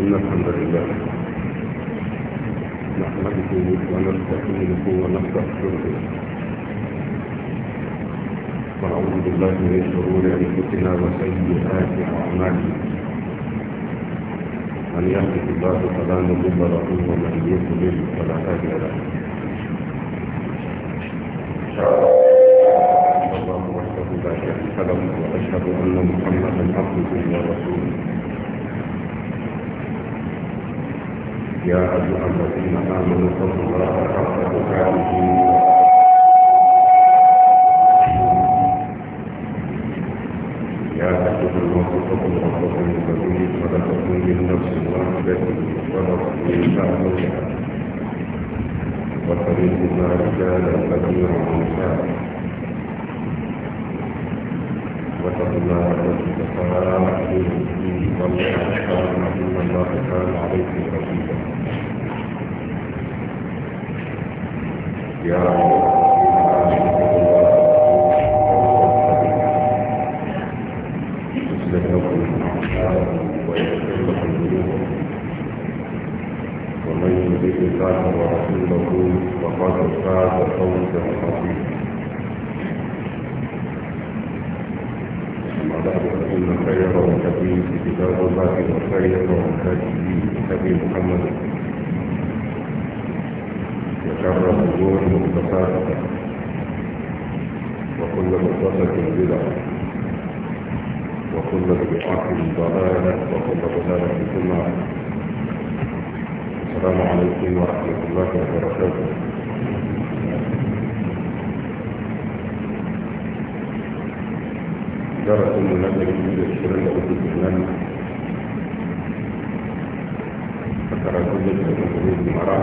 إن الحمد لله نحمده ونستعينه ونستغفره ونعوذ بالله من شرور أنفسنا وسيئات أعمالنا من يهده الله فلا مضل له ومن يضلل فلا هادي له الله وحده لا شريك له واشهد ان محمدا عبده ورسوله يا أيها الذين آمنوا اتقوا الله حق تقاته يا أيها الناس اتقوا ربكم الذي خلقكم من نفس واحدة وخلق منها زوجها وخلق منها رجالا كثيرا ونساء واتقوا الله الذي تساءلون به والأرحام إن الله كان عليكم رقيبا يا أيها كتاب الله وخير وهدي هدي محمد وشر الامور مختصاتها وكل مختصة بدعة وكل بدعة ضلالة وكل ضلالة في النار السلام عليكم ورحمة الله وبركاته darasin mu na ɗari da ashirin da hudu kenan a karatun da ke da kuma mara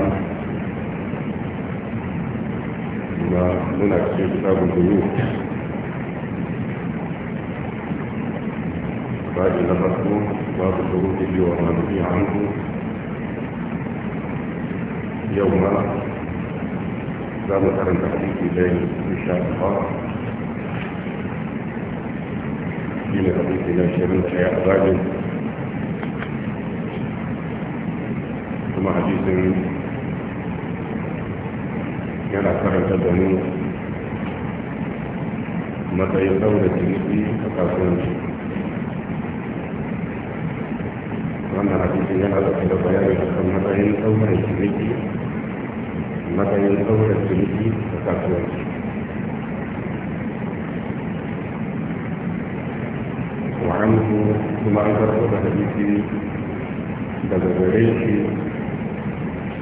kuma muna cikin kitabun buyu بعد نفسه باب الخروج به وما نهي عنه يوم لا مقارنة حديث بين إن شاء الله shi ne hadisi na shirin ta ya azabin kuma hadisin yana karanta da mu matsayin daura ciniki a kasuwanci wannan hadisin yana da da bayani a kan matsayin daura ciniki matsayin daura ciniki a kasuwanci anhu kuma an karɓo da hadisi daga gare shi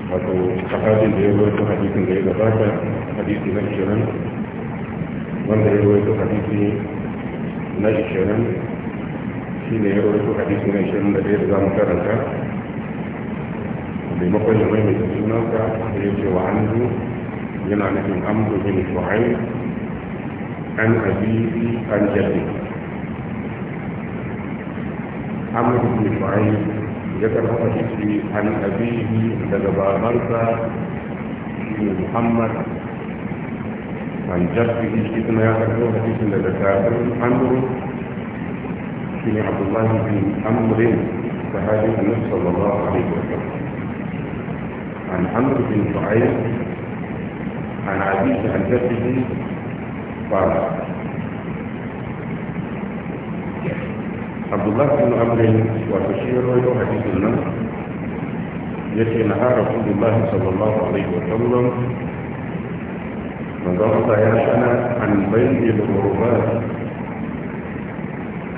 wato sahabin da ya ta hadisin da ya gabata hadisi na ishirin wanda ya ta hadisi na ishirin shi ne ya ta hadisi na ishirin da ɗaya da za mu karanta maimakon mai maimaita sunansa da ya ce wa anhu yana nufin amdu bin shu'aib an abi an jaddi عمرو بن شعيب ذكر هذا الشيء عن أبيه لقب مرسى بن محمد عن جده يا شيخنا يعتبر حديث لذكر عمرو بن عبد الله بن عمرو فهذه النبي صلى الله عليه وسلم عن عمرو بن شعيب عن عبيد عن جده فارس عبد الله بن عمر وبشير وحديث النمر يتي نهى رسول الله صلى الله عليه وسلم وضغط ياسنا عن بين الغربات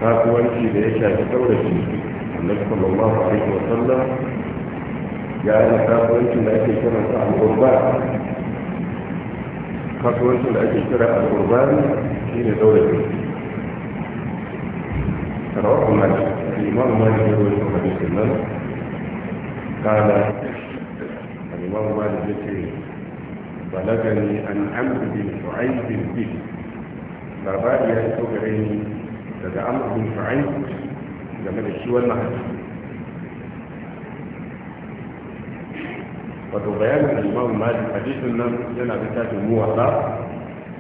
كاكوا في بيشا بتورتي النبي صلى الله عليه وسلم يا أنا كاكوا في بيشا بتورتي عن الغربات كاكوا في بيشا بتورتي عن الغربات في بيشا رواه مالك الإمام مالك يقول في حديث المنى قال الإمام مالك يقول بلغني أن عمرو بن شعيب بن بابايا تغرين لدى عمرو بن شعيب لما يشوى المهد wato bayanin limamin mali hadisin nan yana littafin muwata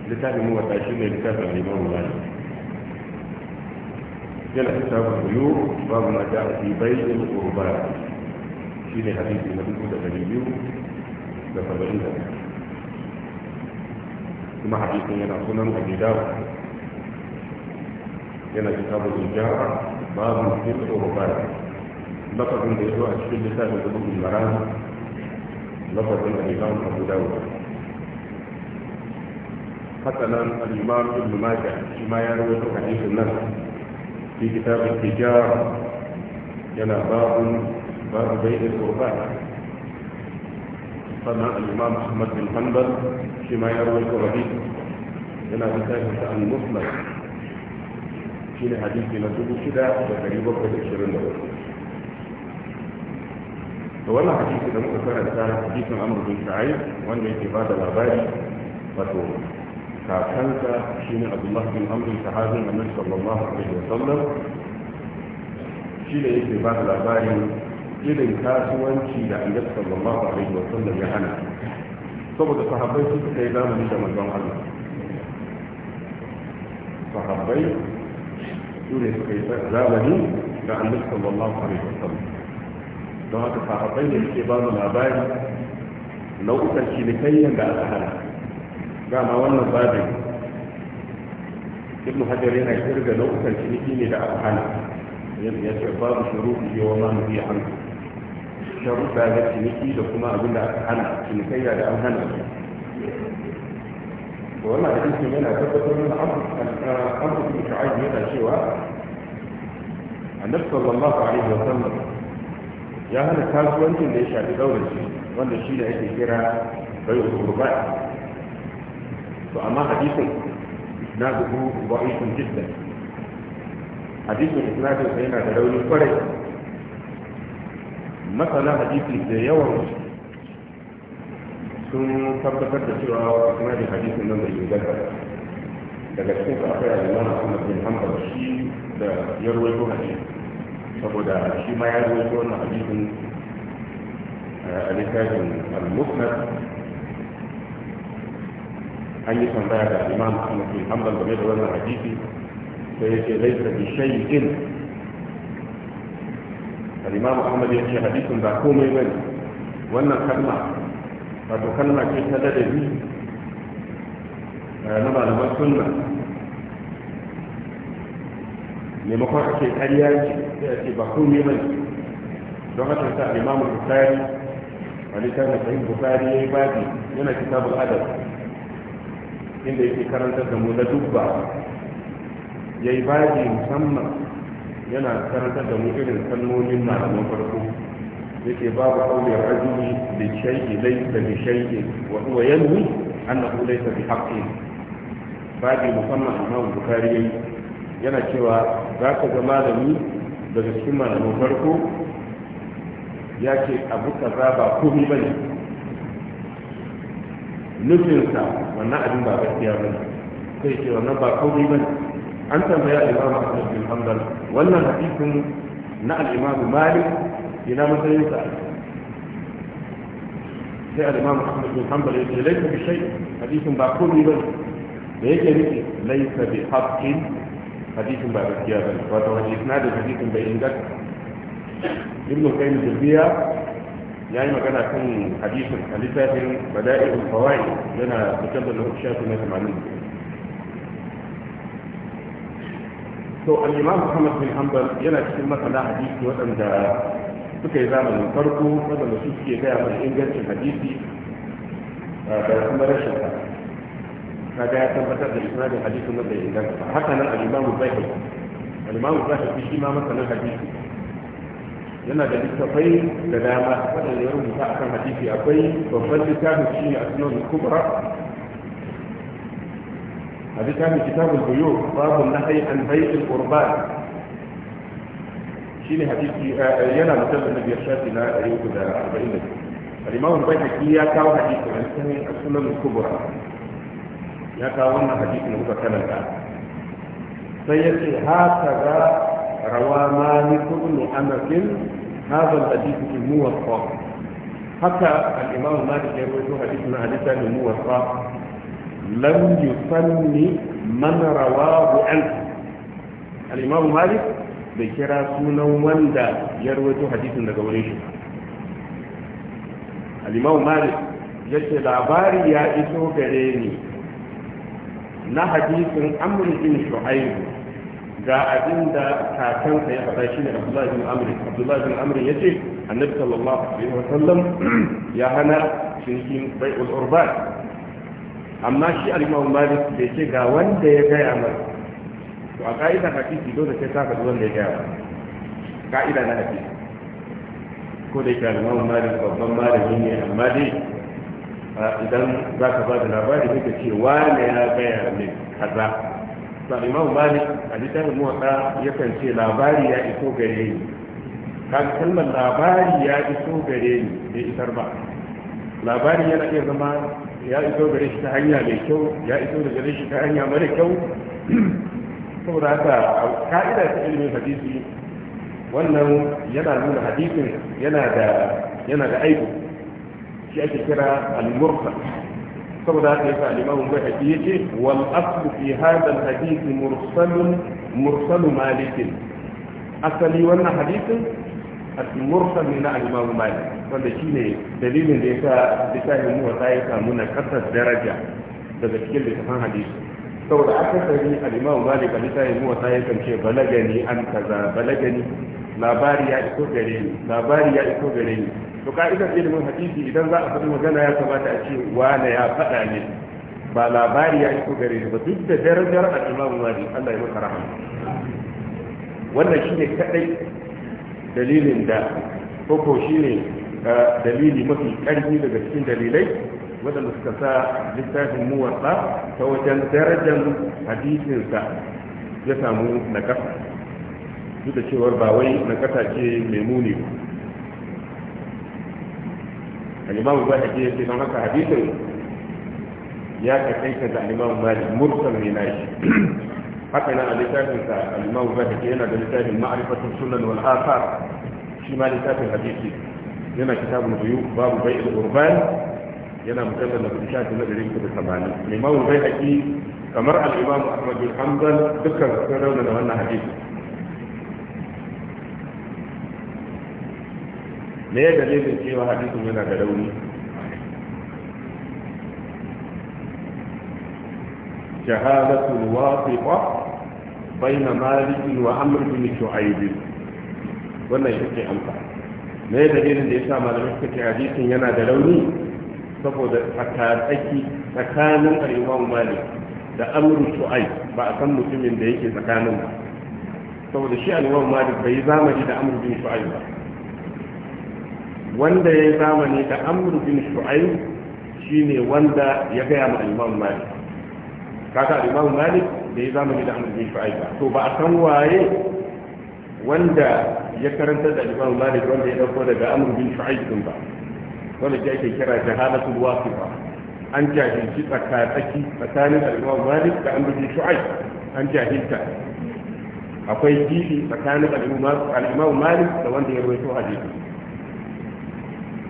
littafin muwata shi ne littafin limamin mali yana kitabun biyu babu ma da fi bayin qurba shi ne hadisi na dubu da dari biyu da saba'in kuma hadisin yana sunan abi dawud yana kitabun ijara babu fi qurba lafazin da yazo a cikin littafin dubu maran lafazin da imam abu dawud haka nan al-imam ibn majah shi ma ya rawaito hadisin nan في كتاب التجاره جنا باب باب بيع القربان قال الامام احمد بن حنبل فيما يروي الكردي جنا بسائر شان مسلم في الحديث من سوق الشدا وقريب وقت الشرين وانا حديث من مؤثر حديث عمرو بن سعيد وان اتفاد الاباري فتوه kakansa shine abdullah bin amr sahabin annabi sallallahu alaihi wasallam shi da yake ba da labarin irin kasuwanci da annabi sallallahu alaihi wasallam ya hana saboda sahabbai suka kai zamani da manzon Allah sahabbai su ne suka yi zamani da annabi sallallahu alaihi wasallam don haka sahabbai ne suke ba da labarin nau'ukan cinikayyar da aka hana dama wannan babin ibn hajar yana kirga nau'ukan ciniki ne da aka hana Yanzu ya ce babu shuru biyu wa mamu biya hannu sharuɗa na ciniki da kuma abin da aka hana cinikai da an hana su da wannan hadisin yana tabbatar da abu da shi'ai yana cewa A annabi sallallahu alaihi wa sallam ya hana kasuwancin da ya shafi daular shi wanda shi da ake kira bayu qurba to amma hadisin isnaduhu da'ifun jiddan hadisin isnadin sa yana da rauni kwarai masana hadisi da yawan sun tabbatar da cewa isnadin hadisin nan bai inganta daga cikin su akwai alimman da bin da shi da ya rawaito hadisi saboda shi ma ya rawaito wannan hadisin eh, a littafin al-musnad an yi tambaya da imam ahmad bin hanbal game da wannan hadisi sai yake laifin bi shay'in al-imam ahmad ce hadisin ba komai bane wannan kalma wato kalma ce ta ladabi eh, na malaman sunna maimakon ake ƙarya ce sai ake ba komai bane don haka ta imam bukhari a littafin sahih bukhari yayi babi yana kitabul adab inda yake karantar da mu na dubba ya yi baji musamman yana karantar da mu irin kalmomin malaman farko yake babu kauye rajuni da shay'i da bi shay'i wa an na annahu laysa bi haƙƙi babi musamman Imam Bukhari yana cewa za ka ga malami daga cikin malaman farko ya ce abu kaza ba ba ne. nufinsa wannan abin ba gaskiya ba ne sai ce wannan ba kauri ba ne an tambaya imam ahmad bin hanbal wannan hadisin na al-imam malik ina matsayin sa sai al-imam ahmad bin hanbal ya ce laifin bi shay hadisin ba kauri ba ne da yake nufi laifin bi haqqin hadisin ba gaskiya ba ne wato hadisin da hadisin bai inganta ibn qayyim jawziya يعني ما كان يكون حديث حديثات بدائع الفوائد لنا بكل الهرشات ما تمعنون تو الإمام محمد بن حنبل ينا كثير مثلا حديثي وطن دا تكي زامن من فرقه فضل نسوس كي يتاع من إنجلس الحديثي الحديث. رشد فدا تنبتا دا إسناد الحديث النبي إنجلس حتى نال الإمام الباحث الإمام الباحث بشي ما مثلا الحديث yana da littafai da dama waɗanda ya rubuta a kan hadisi akwai babban littafin shi ne a sunan kubra a littafin kitabun buyo babu na hai an baitul qurban shi ne hadisi yana musallar da biyar shafi na ɗari uku da arba'in da al'imamu bai haƙi ya kawo hadisi a cikin a sunan kubra ya kawo wannan hadisi na muka kananta sai ya ce haka za روى مالك بن أنس هذا الحديث في الموصى حتى الإمام مالك يروي حديث حديثا الموصى لم يسن من رواه عنه الإمام مالك بكرا سنة وندا يروي حديث النجوريش الإمام مالك يشهد لعباري يا إسو كريني نحديث أمر بن شعيب ga abin da kakansa ya faɗa shi ne abdullahi bin amri abdullahi bin amri ya ce annabi sallallahu alaihi wa sallam ya hana cinikin bai'ul urban amma shi al-imam malik bai ce ga wanda ya gaya mai to a ka'idar hakiki dole sai ka faɗi wanda ya gaya ka'ida na hakiki ko da kan imam malik babban malami ne amma dai idan za ka ba da labari kake ce wane ya gaya mai kaza to imam malik a littafin ɗa yakan ce labari ya iso gare ni kaga kalmar labari ya iso gare ni bai isar ba labari yana iya zama ya iso gare shi ta hanya mai kyau ya iso da gare shi ta hanya mara kyau saboda haka ka'ida ta ilimin hadisi wannan yana nuna hadisin yana da yana da aibu shi ake kira al-mursal saboda haka yasa limamin bai haƙi yace wal aslu fi hadha al hadith mursalun malik asali wannan hadisin al-mursal al-imam malik wanda shine dalilin da yasa mu wata ya samu kasar daraja daga cikin littafin hadisi saboda akasari al-imam malik mu wata ya balagani an kaza balagani labari ya iso gare ni labari ya iso gare ni to ka'idar ilimin hadisi idan za a faɗi magana ya kamata a ce wane ya faɗa ne ba labari ya yi gare ba duk da darajar a imamu Malik Allah ya maka rahama wannan shine kadai dalilin da koko shine dalili mafi karfi daga cikin dalilai wadanda suka sa littafin muwatsa ta wajen darajar hadisinsa ya samu na ƙasa duk da cewar ba wai na ƙasa ce mai muni ba يعني الإمام الواحد دي يجي هناك حديثة ياك كيف ذا الإمام مالك مرسل من ناشي حتى أنا لتاك أنت الإمام الواحد هنا لتاك المعرفة السنن والآثار شي ما لتاك الحديثي هنا كتاب الضيوف باب بيع الغربان هنا مجلد الأبدشات الذي ريك بالسبعاني الإمام الواحد دي كمرأة الإمام أحمد بن حنبل ذكر ذكر لنا هنا حديثي me ya dalilin cewa hadisin yana da rauni shahadatul wasiqa baina malik wa amr bin shu'aib wannan yake amsa me dalilin da yasa malamai suka ce hadisin yana da rauni saboda tsakatsaki tsakanin al-imam malik da amr shu'aib ba a san mutumin da yake tsakanin ba saboda shi al-imam malik bai zamani da amr bin shu'aib ba wanda ya yi zamani da amru bin shi ne wanda ya gaya ma imam malik kaka imam malik da ya zamani da amru bin ba to ba a san waye wanda ya karanta da imam malik wanda ya dauko daga amru bin shu'aib din ba wanda ke ake kira jahalatul wasifa an jahilci tsakatsaki tsakanin al-imam malik da amru bin shu'aib an jahilta akwai gidi tsakanin al-imam malik da wanda ya rawaito hadisi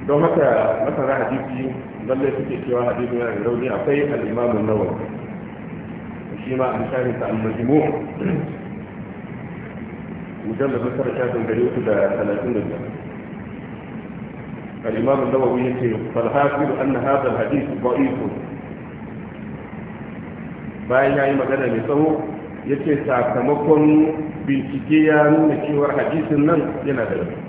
don haka masana hadisi lallai suke cewa hadisi yana da rauni akwai al-imamu nawawi shi ma an shari ta al-majmu mujallad na tara shafin gari uku da talatin da biyar al-imamu nawawi yace fal hasilu anna hadha al-hadith da'if bayan yayi magana mai tsawo yace sakamakon bincike ya nuna cewa hadisin nan yana da rauni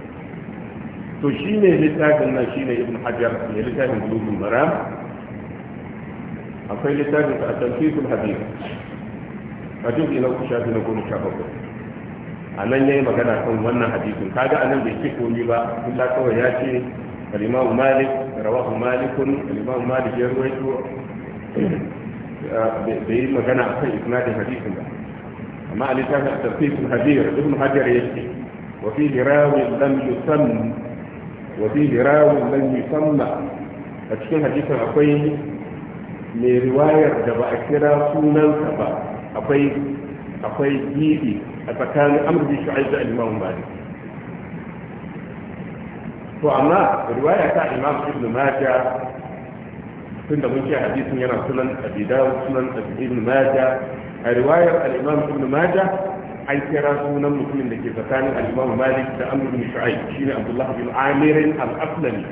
to shine littafin nan shine ibn hajar ne littafin bulugul maram akwai littafin a tafsirul hadith a duk ina ku shafi na goma sha bakwai a nan yayi magana kan wannan hadisin kaga anan bai ci komi ba illa kawai ya ce الإمام مالك رواه مالك الإمام مالك يروي بين مكان أخي إسناد حديث الله أما الإسناد تلقيف الحديث ابن حجر يشتي وفيه راوي لم يسم wa bi nan lan yusamma a cikin hadisin akwai mai riwayar da ba a kira sunansa ba akwai akwai gibi a tsakanin amr bi shu'aib da imam malik to amma riwaya ta imam ibn majah da mun ce hadisin yana sunan abi sunan ibn majah a riwayar al-imam ibn majah an kira sunan mutumin da ke tsakanin al-Imam Malik da Amr bin Shu'aib shine Abdullah bin Amir al-Aslami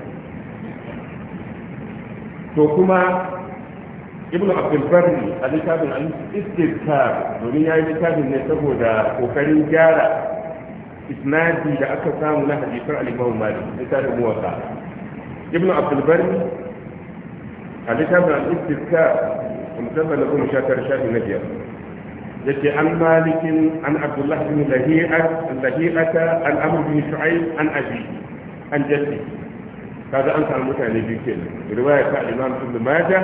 to kuma Ibn Abdul Barri a littafin al-Istizkar domin ya yi littafin ne saboda kokarin gyara isnadi da aka samu na hadisan al-Imam Malik littafin muwatta Ibn Abdul Barri a littafin al-Istizkar musamman na kuma shakar shafi na biyar yake an malikin an abdullah bin lahi'ata an amr bin shu'aib an abi an jaddi kaga an samu mutane biyu kenan riwaya ta imam ibn majah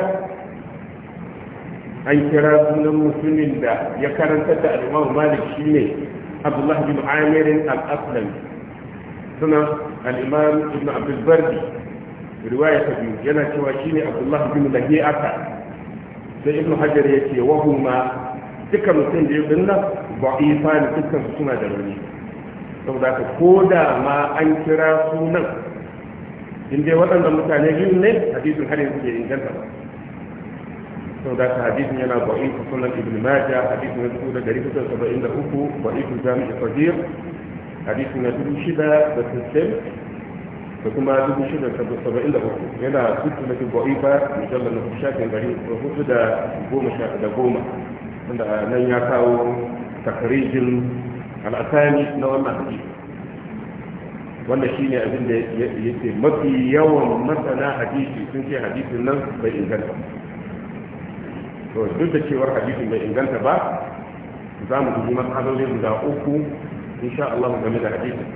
an kira sunan mutumin da ya karanta da al-imam malik shine abdullah bin amir al-aslami sunan al-imam ibn abdul bardi riwaya yana cewa shine abdullah bin lahi'ata sai yake wa duka mutum biyu din nan ba ifa ne dukkan su suna da rauni saboda ka ko da ma an kira sunan in dai waɗannan mutane biyu ne hadisin har yanzu bai inganta ba saboda ka hadisin yana ba ifa sunan ibn majah hadisin na dubu da dari hudu da saba'in da uku ba ifa jami'i fajir hadisin na dubu shida da sittin da kuma dubu shida da saba'in da uku yana sittin da dubu ifa mujallar na shafin gari da hudu da goma Wanda nan ya kawo takarijin al'asani na wannan hadisi wanda shi ne abin da ya yake mafi yawan masana hadisi sun ce hadisin nan bai inganta to duk da cewar hadisin bai inganta ba za mu dubi matsalolin guda uku insha Allah game da hadisin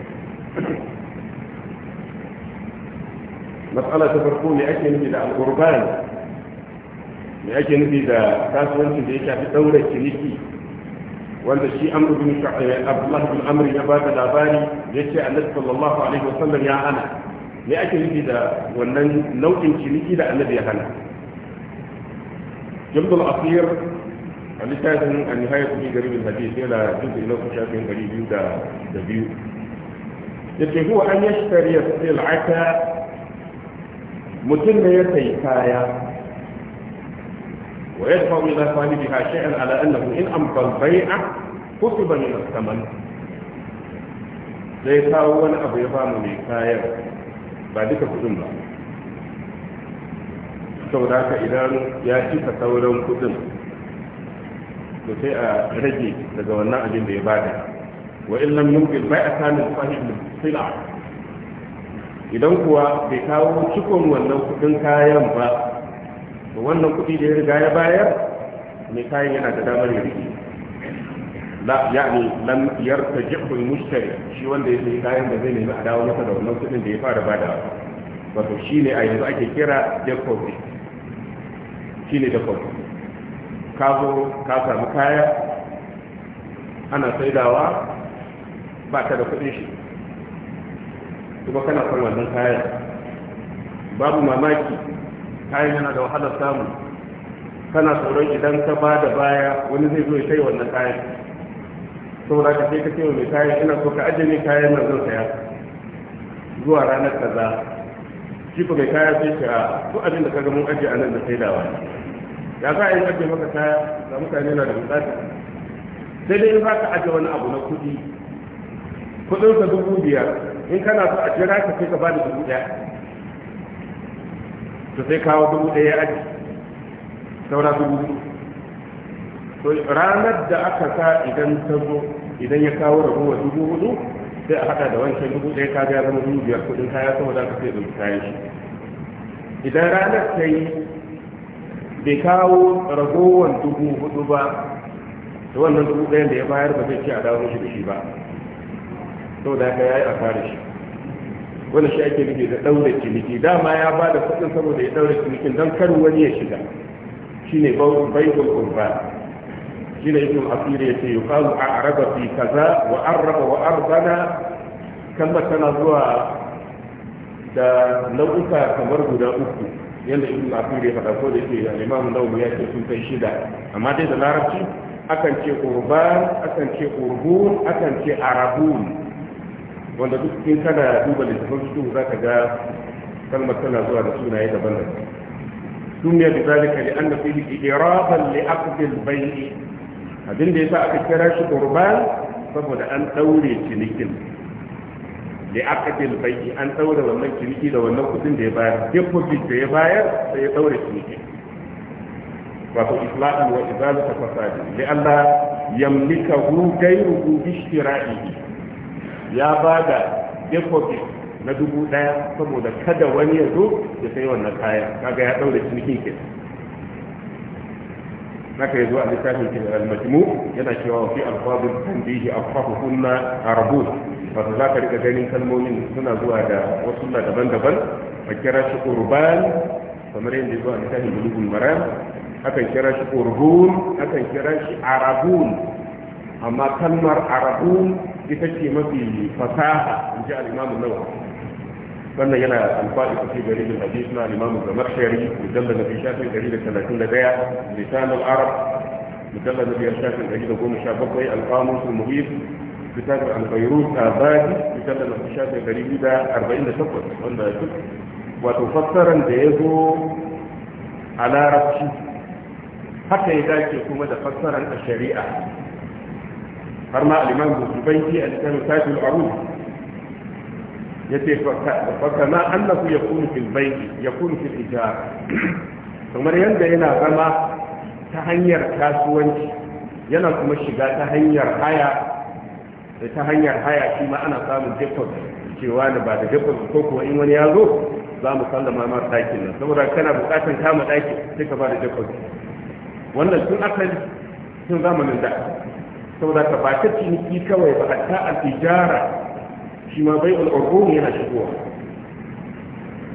matsala ta farko ne ake nufi da al'urban me ake nufi da kasuwancin da ya shafi ɗaure ciniki wanda shi amru bin eh, abdullah bin amr ya ba da labari ya ce annabi sallallahu alaihi wasallam ya hana me ake nufi da wannan nau'in ciniki da annabi ya hana jumdul asir a littafin a nihaya kuɗi garibin hadis yana jumdul na kusa shafin ɗari biyu da biyu ya ce huwa an yashtari ya sil'ata mutum ne ya sayi kaya ويدفع إلى صاحبها شيئا على أنه إن أمضى البيع كتب من الثمن zai kawo wani abu ya bamu mai kayan ba duka kudin ba sau da idan ya cika sauran kudin to sai a rage daga wannan abin da ya bada wa illam yumkin bai a idan kuwa bai kawo cikon wannan kuɗin kayan ba to wannan kuɗi da ya riga ya bayar mai kayan yana da damar ya rike la yani lam yartaji al mushtari shi wanda ya sayi kayan da zai nemi a dawo masa da wannan kudin da ya fara bada wato shine a yanzu ake kira deposit shine deposit ka zo ka samu kaya ana saidawa ba ta da kuɗin shi kuma kana son wannan kayan babu mamaki kayan yana da wahalar samu kana tsoron idan ka ba da baya wani zai zo ya sai wannan kayan saboda ka sai ka ce wa mai kayan ina so ka ajiye kayan nan zan saya zuwa ranar kaza shi ko mai kaya sai ka duk abin da ka ga mun ajiye a nan da saidawa ya za a yi ajiye maka kaya da mutane na da bukata sai dai in za ka ajiye wani abu na kuɗi ka dubu biyar in kana so a jira ka sai ka ba da dubu ɗaya to sai kawo dubu ɗaya aji saura dubu to ranar da aka sa idan ta zo idan ya kawo ragowa dubu hudu sai a haɗa da wancan dubu ɗaya ka ya zama dubu biyar kuɗin kaya saboda aka sai dubu kayan shi idan ranar ta yi bai kawo ragowar dubu hudu ba da wannan dubu ɗayan da ya bayar ba zai ce a dawo shi da shi ba saboda haka ya yi a kare shi wani shi ake nufi da ɗaure ciniki dama ya ba da kuɗin saboda ya ɗaure cinikin don kar wani ya shiga shine baitul qurba shine ibn asir yace yuqalu a'raba fi kaza wa arraba wa arbana kalmar tana zuwa da nau'uka kamar guda uku yadda ibn asir ya faɗa ko da yake al-imam nawawi ya ce sun kai shida amma dai da larabci akan ce qurban akan ce qurbun akan ce arabun wanda duk in kana duba littafin su za ka ga kalmar tana zuwa da sunaye daban-daban duniya da zalika li anna fihi iraban li aqd al bay'i abin da yasa aka kira shi qurban saboda an daure cinikin li aqd al an daure wannan ciniki da wannan kudin da ya bayar deposit da ya bayar sai ya daure cinikin wato islahan wa izalata fasadi li alla yamlikahu ghayruhu bi ishtira'ihi ya ba da deposit na dubu ɗaya saboda kada wani ya zo ya sai wannan kaya kaga ya ɗaure cinikin ke haka ya zo a littafin ke al-majmu yana cewa fi alfadul tanbihi afqahuhunna arbun wato za ka riga ganin kalmomin suna zuwa da wasu na daban-daban a kira shi urban kamar yadda zuwa a littafin bulugun maram akan kira shi urbun akan kira shi arabun amma kalmar arabun ita ce mafi fasaha in ji al'imamu nawa wannan yana alfaɗi ku ce gari bin hadis na al'imamu da makshari mujalla na biyar shafin gari da talatin da ɗaya lisanul arab mujalla na biyar shafin gari da goma sha bakwai alƙamun su muhim kitab al-bayrut tabadi mujalla na biyar shafin gari da arba'in da takwas wanda duk wato fassaran da ya zo a larabci haka ya dace kuma da fassaran a shari'a har ma aliman imam Zubaydi a cikin Tajul Aruf yace fa kama annahu yakunu fil bayti yakunu fil ijar kamar yanda yana zama ta hanyar kasuwanci yana kuma shiga ta hanyar haya da ta hanyar haya shi ma ana samun deposit cewa da ba da deposit ko kuma in wani ya zo za mu sallama ma ɗakin nan saboda kana buƙatar kama ɗakin sai ka ba da deposit wannan tun asali tun zamanin da saboda ka ba ta ciniki kawai ba a al al'ijara, shi ma bai al-urqum yana shigowa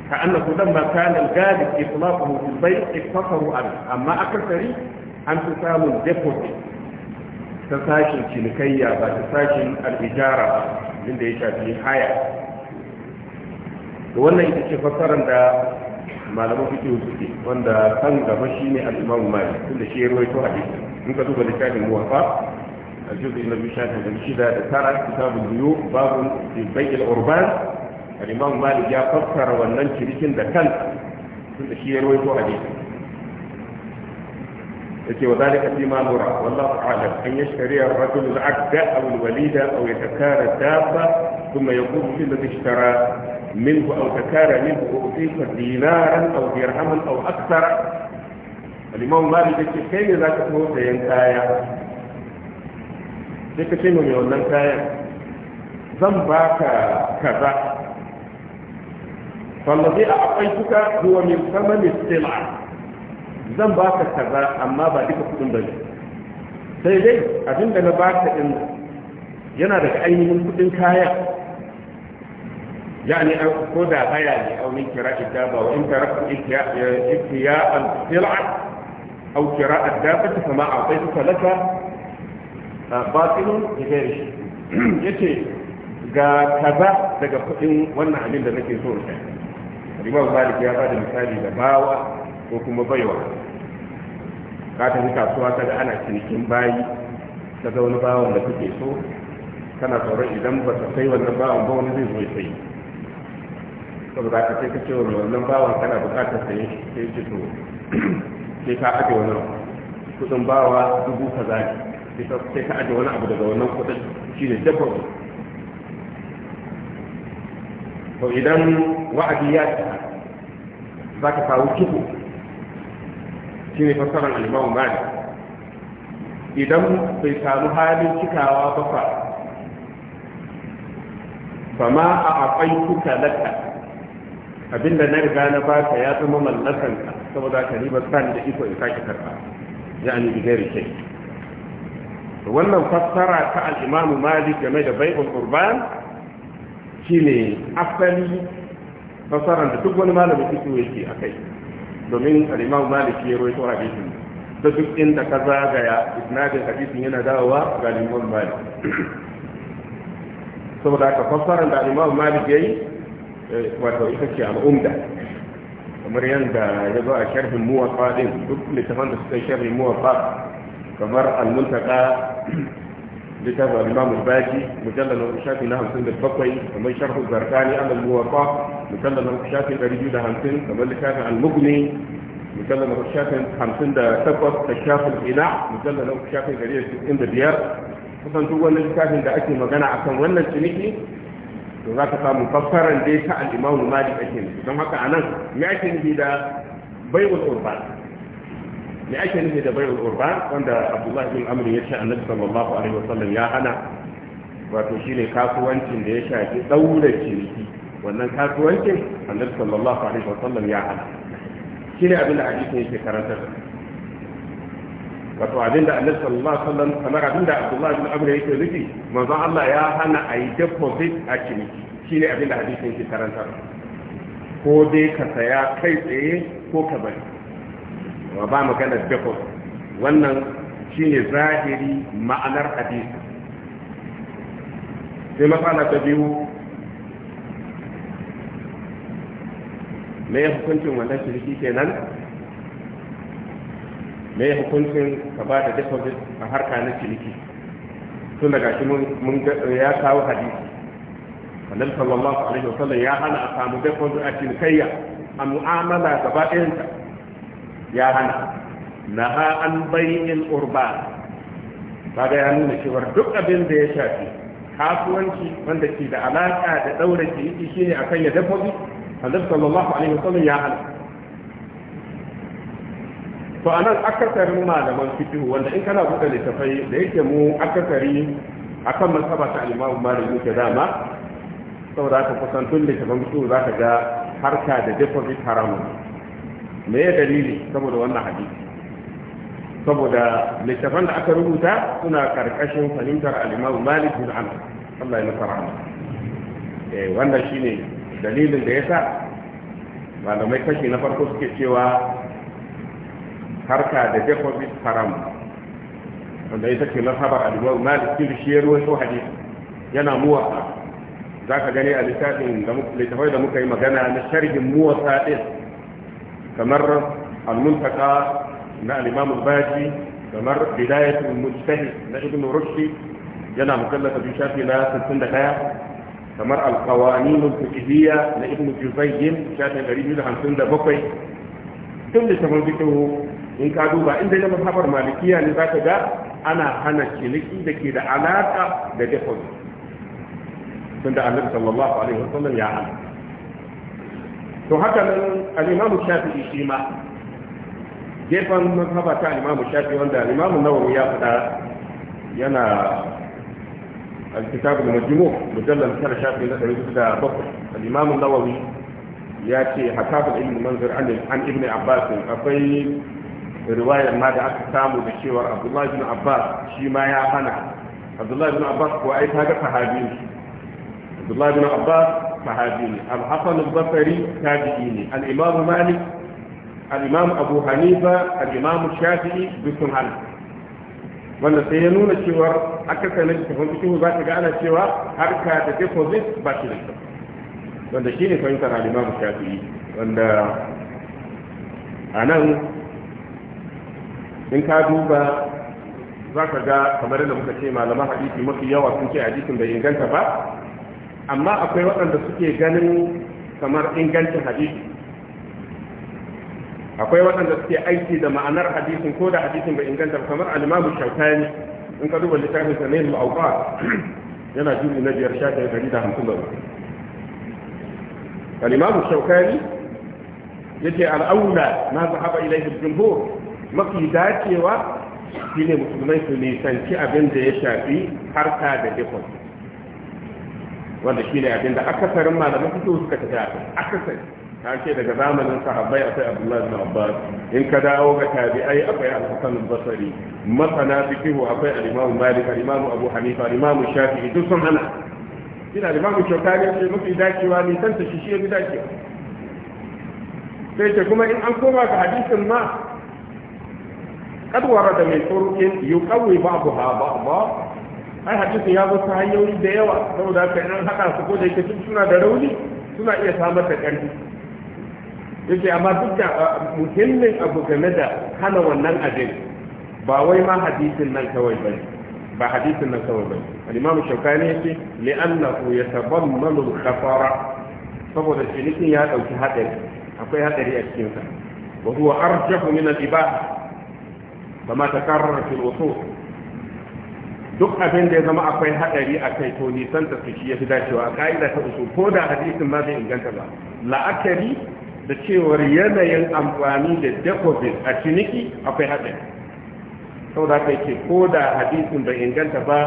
ka ba annahu lamma ke al-galib itlaquhu fil bay' ittafaru an amma akasari an fi samun deposit ta sashin cinikayya ba ta sashin al'ijara, ba inda ya shafi haya Da wannan ita ce fassarar da malaman fikihu suke wanda kan gaba ne al-imam malik tunda shi ya rawaito hadisi in ka duba littafin muwafa الجزء النبي شاهد الشدة ترى كتاب البيوع باب في بيت الأربان الإمام مالك يا فكر ونن شريكين ده كان كل شيء يروي هو حديث وذلك فيما نرى والله أعلم أن يشتري الرجل العبد أو الوليد أو يتكار الدابة ثم يقول في الذي اشترى منه أو تكار منه أعطيك دينارا أو درهما أو أكثر الإمام مالك يقول كيف ذاك هو سينتايا sai ka ce mu mai wannan kayan zan ba ka kaza fallazi a akwai suka huwa min samani sila zan ba ka kaza amma ba duka kudin ba ne sai dai abinda na ba ka din yana daga ainihin kudin kayan يعني خذ هيا أو من كراء الدابة وإن تركت ابتياء السلعة أو كراء الدابة فما أعطيتك لك batilun da gari shi yace ga kaza daga kudin wannan abin da nake so in Imam Malik ya bada misali da bawa ko kuma baiwa ka tafi kasuwa ga ana cinikin bayi ga wani bawan da kake so kana tsoron idan ba ta sai wannan bawan ba wani zai zo ya sai za ka sai ka ce wannan bawan kana bukatar sayen shi sai ce to sai ka ake wannan kudin bawa dubu kaza ne sai ka aje wani abu daga wannan kudin shi ne deposit to idan wa'adi ya ci za ka kawo kiku shi ne fassarar alimamu mali idan bai samu halin cikawa ba fa ba ma a akwai kuka laka abinda na riga na baka ya zama mallakanka saboda ka riba sani da iko in sake karba ya ni bigari kai wannan fassara ta al-Imam Malik game da bai'ul qurban shine asali fassaran da duk wani malamin fiqh yake akai domin al-Imam Malik ya rawaito hadisin da duk inda ka zagaya isnadin hadisin yana dawowa ga al-Imam Malik saboda haka fassaran da al-Imam Malik yayi eh, wato ita ce al'umda kamar yadda ya zo a sharhin muwafa din duk littafan da suka sharhin muwafa kamar al-muntaka littafin imam baki mujallal na shafi na hamsin da bakwai kamar sharhu zarkani an al-muwafa mujallal na shafi ɗari biyu da hamsin kamar littafin al-mugni mujallal na shafi hamsin da takwas da shafin ina mujallal na shafi ɗari da sittin da biyar kusan duk wani littafin da ake magana a kan wannan ciniki to za ka samu fassarar dai ta al-imam malik ake don haka anan me ake nufi da bai'ul urban me ake nufi da bai'ul urba wanda abdullahi bin amr ya ce annabi sallallahu alaihi wasallam ya hana wato shine kasuwancin da ya shafi daura ciniki wannan kasuwancin annabi sallallahu alaihi wasallam ya hana shine abin da hadisin yake karantar wato abin da annabi sallallahu alaihi wasallam kamar abin da abdullahi bin amr yake nufi manzon Allah ya hana a yi deposit a ciniki shine abin da hadisin yake karantar ko dai ka saya kai tsaye ko ka bari wa ba magana dakon wannan shine zahiri ma'anar hadisi sai matsala ta biyu me hukuncin wannan shirki kenan me hukuncin ka ba da deposit a harka na ciniki to daga shi mun ya kawo hadisi annabi sallallahu alaihi wasallam ya hana a samu deposit a cinikayya a mu'amala gaba ɗayanta ya hana ha an bayyin urba kaga ya nuna cewa duk abin da ya shafi kasuwanci wanda ke da alaka da daura shi ne akan ya dabbobi Allah sallallahu alaihi wasallam ya hana to anan akasarin malaman fiqh wanda in kana buɗe littafai da yake mu akasari akan masaba ta al-Imam Malik yake dama saboda ka kusantun tun littafin fiqh zaka ga harka da deposit haramun me ya dalili saboda wannan hadisi saboda littafan da aka rubuta suna karkashin fahimtar al Malik bin Anas Allah ya nasara mu eh wannan shine dalilin da yasa malamai kashi na farko suke cewa harka da deposit haram wanda ita ce masabar al-Imam Malik bin shi ya ruwaito hadisi yana Za ka gani a littafin da littafai da muka yi magana na sharhin muwatta din kamar al-muntaka na al-imam al-baji kamar bidayat al-mujtahid na ibn rushd yana mukallaf bi shafi na 61 kamar al-qawanin al-fiqhiyya na ibn juzayyin shafi tun da shafin fikihu in ka duba inda na mazhabar malikiya ne za ka ga ana hana ciniki da ke da alaƙa da deposit sallallahu alaihi ya hana to haka nan al shafi shafi'i shi ma gefen mazhaba ta al-imamu shafi'i wanda al-imamu ya faɗa yana al-kitab al-majmu' mujallal tara shafi'i na 107 al-imamu nawawi ya ce hakabul ilmi manzur an ibn abbas akwai riwayar ma da aka samu da cewa abdullahi bin abbas shi ma ya hana abdullahi bin abbas ko ai ta ga sahabi Abdullah Abba Abbas sahabi ne Al-Hasan al-Basri tabi'i ne Al-Imam Malik Al-Imam Abu Shafi'i duk sun wanda sai ya nuna cewar akasarin tafin fikihu za ka gane cewa harka da deposit ba shi da wanda shi ne fahimtar mu shafi'i wanda a nan in ka duba za ka ga kamar da muka ce malaman hadisi mafi yawa sun ce hadisin bai inganta ba amma akwai waɗanda suke ganin kamar ingancin hadisi akwai waɗanda suke aiki da ma'anar hadisin ko da hadisin bai inganta kamar alimamu shaukani in ka duba littafin sa mu ma'auka yana juri na biyar sha ɗaya ɗari da hamsin da uku alimamu shaukani ce al'aula na zahaba ilaihi jumhur mafi dacewa shine musulmai su nisanci abin da ya shafi harka da dikon wanda shine abinda akasarin malaman fiqh suka tafi a akasari ta ce daga zamanin sahabbai akwai abdullahi bin abbas in ka dawo ga tabi'ai akwai al-hasan al-basri masana fiqh akwai al-imam malik al-imam abu hanifa al-imam shafi'i duk sun hana ina al-imam shafi'i ce mafi dacewa ne san ta shi shi ne dacewa sai ce kuma in an koma ga hadisin ma قد ورد من طرق يقوي بعضها بعضا ai hadisi ya zo ta hanyoyi da yawa saboda haka in haɗa su ko da yake sun suna da rauni suna iya samar da ƙarfi yake amma dukkan muhimmin abu game da hana wannan abin ba wai ma hadisin nan kawai bane ba hadisin nan kawai bane al-imam shaukani yace li'annahu yatabammanu al-khafara saboda cinikin ya dauki hadari akwai hadari a cikin sa wa huwa arjahu min al ibah kama takarrara fil usul duk abin da ya zama akwai hadari a kai to nisan ta shi ya fi dacewa ka'ida ta usul ko da hadisin ma zai inganta ba la'akari da cewar yanayin amfani da deposit a ciniki akwai hadari da kai ce ko da hadisin bai inganta ba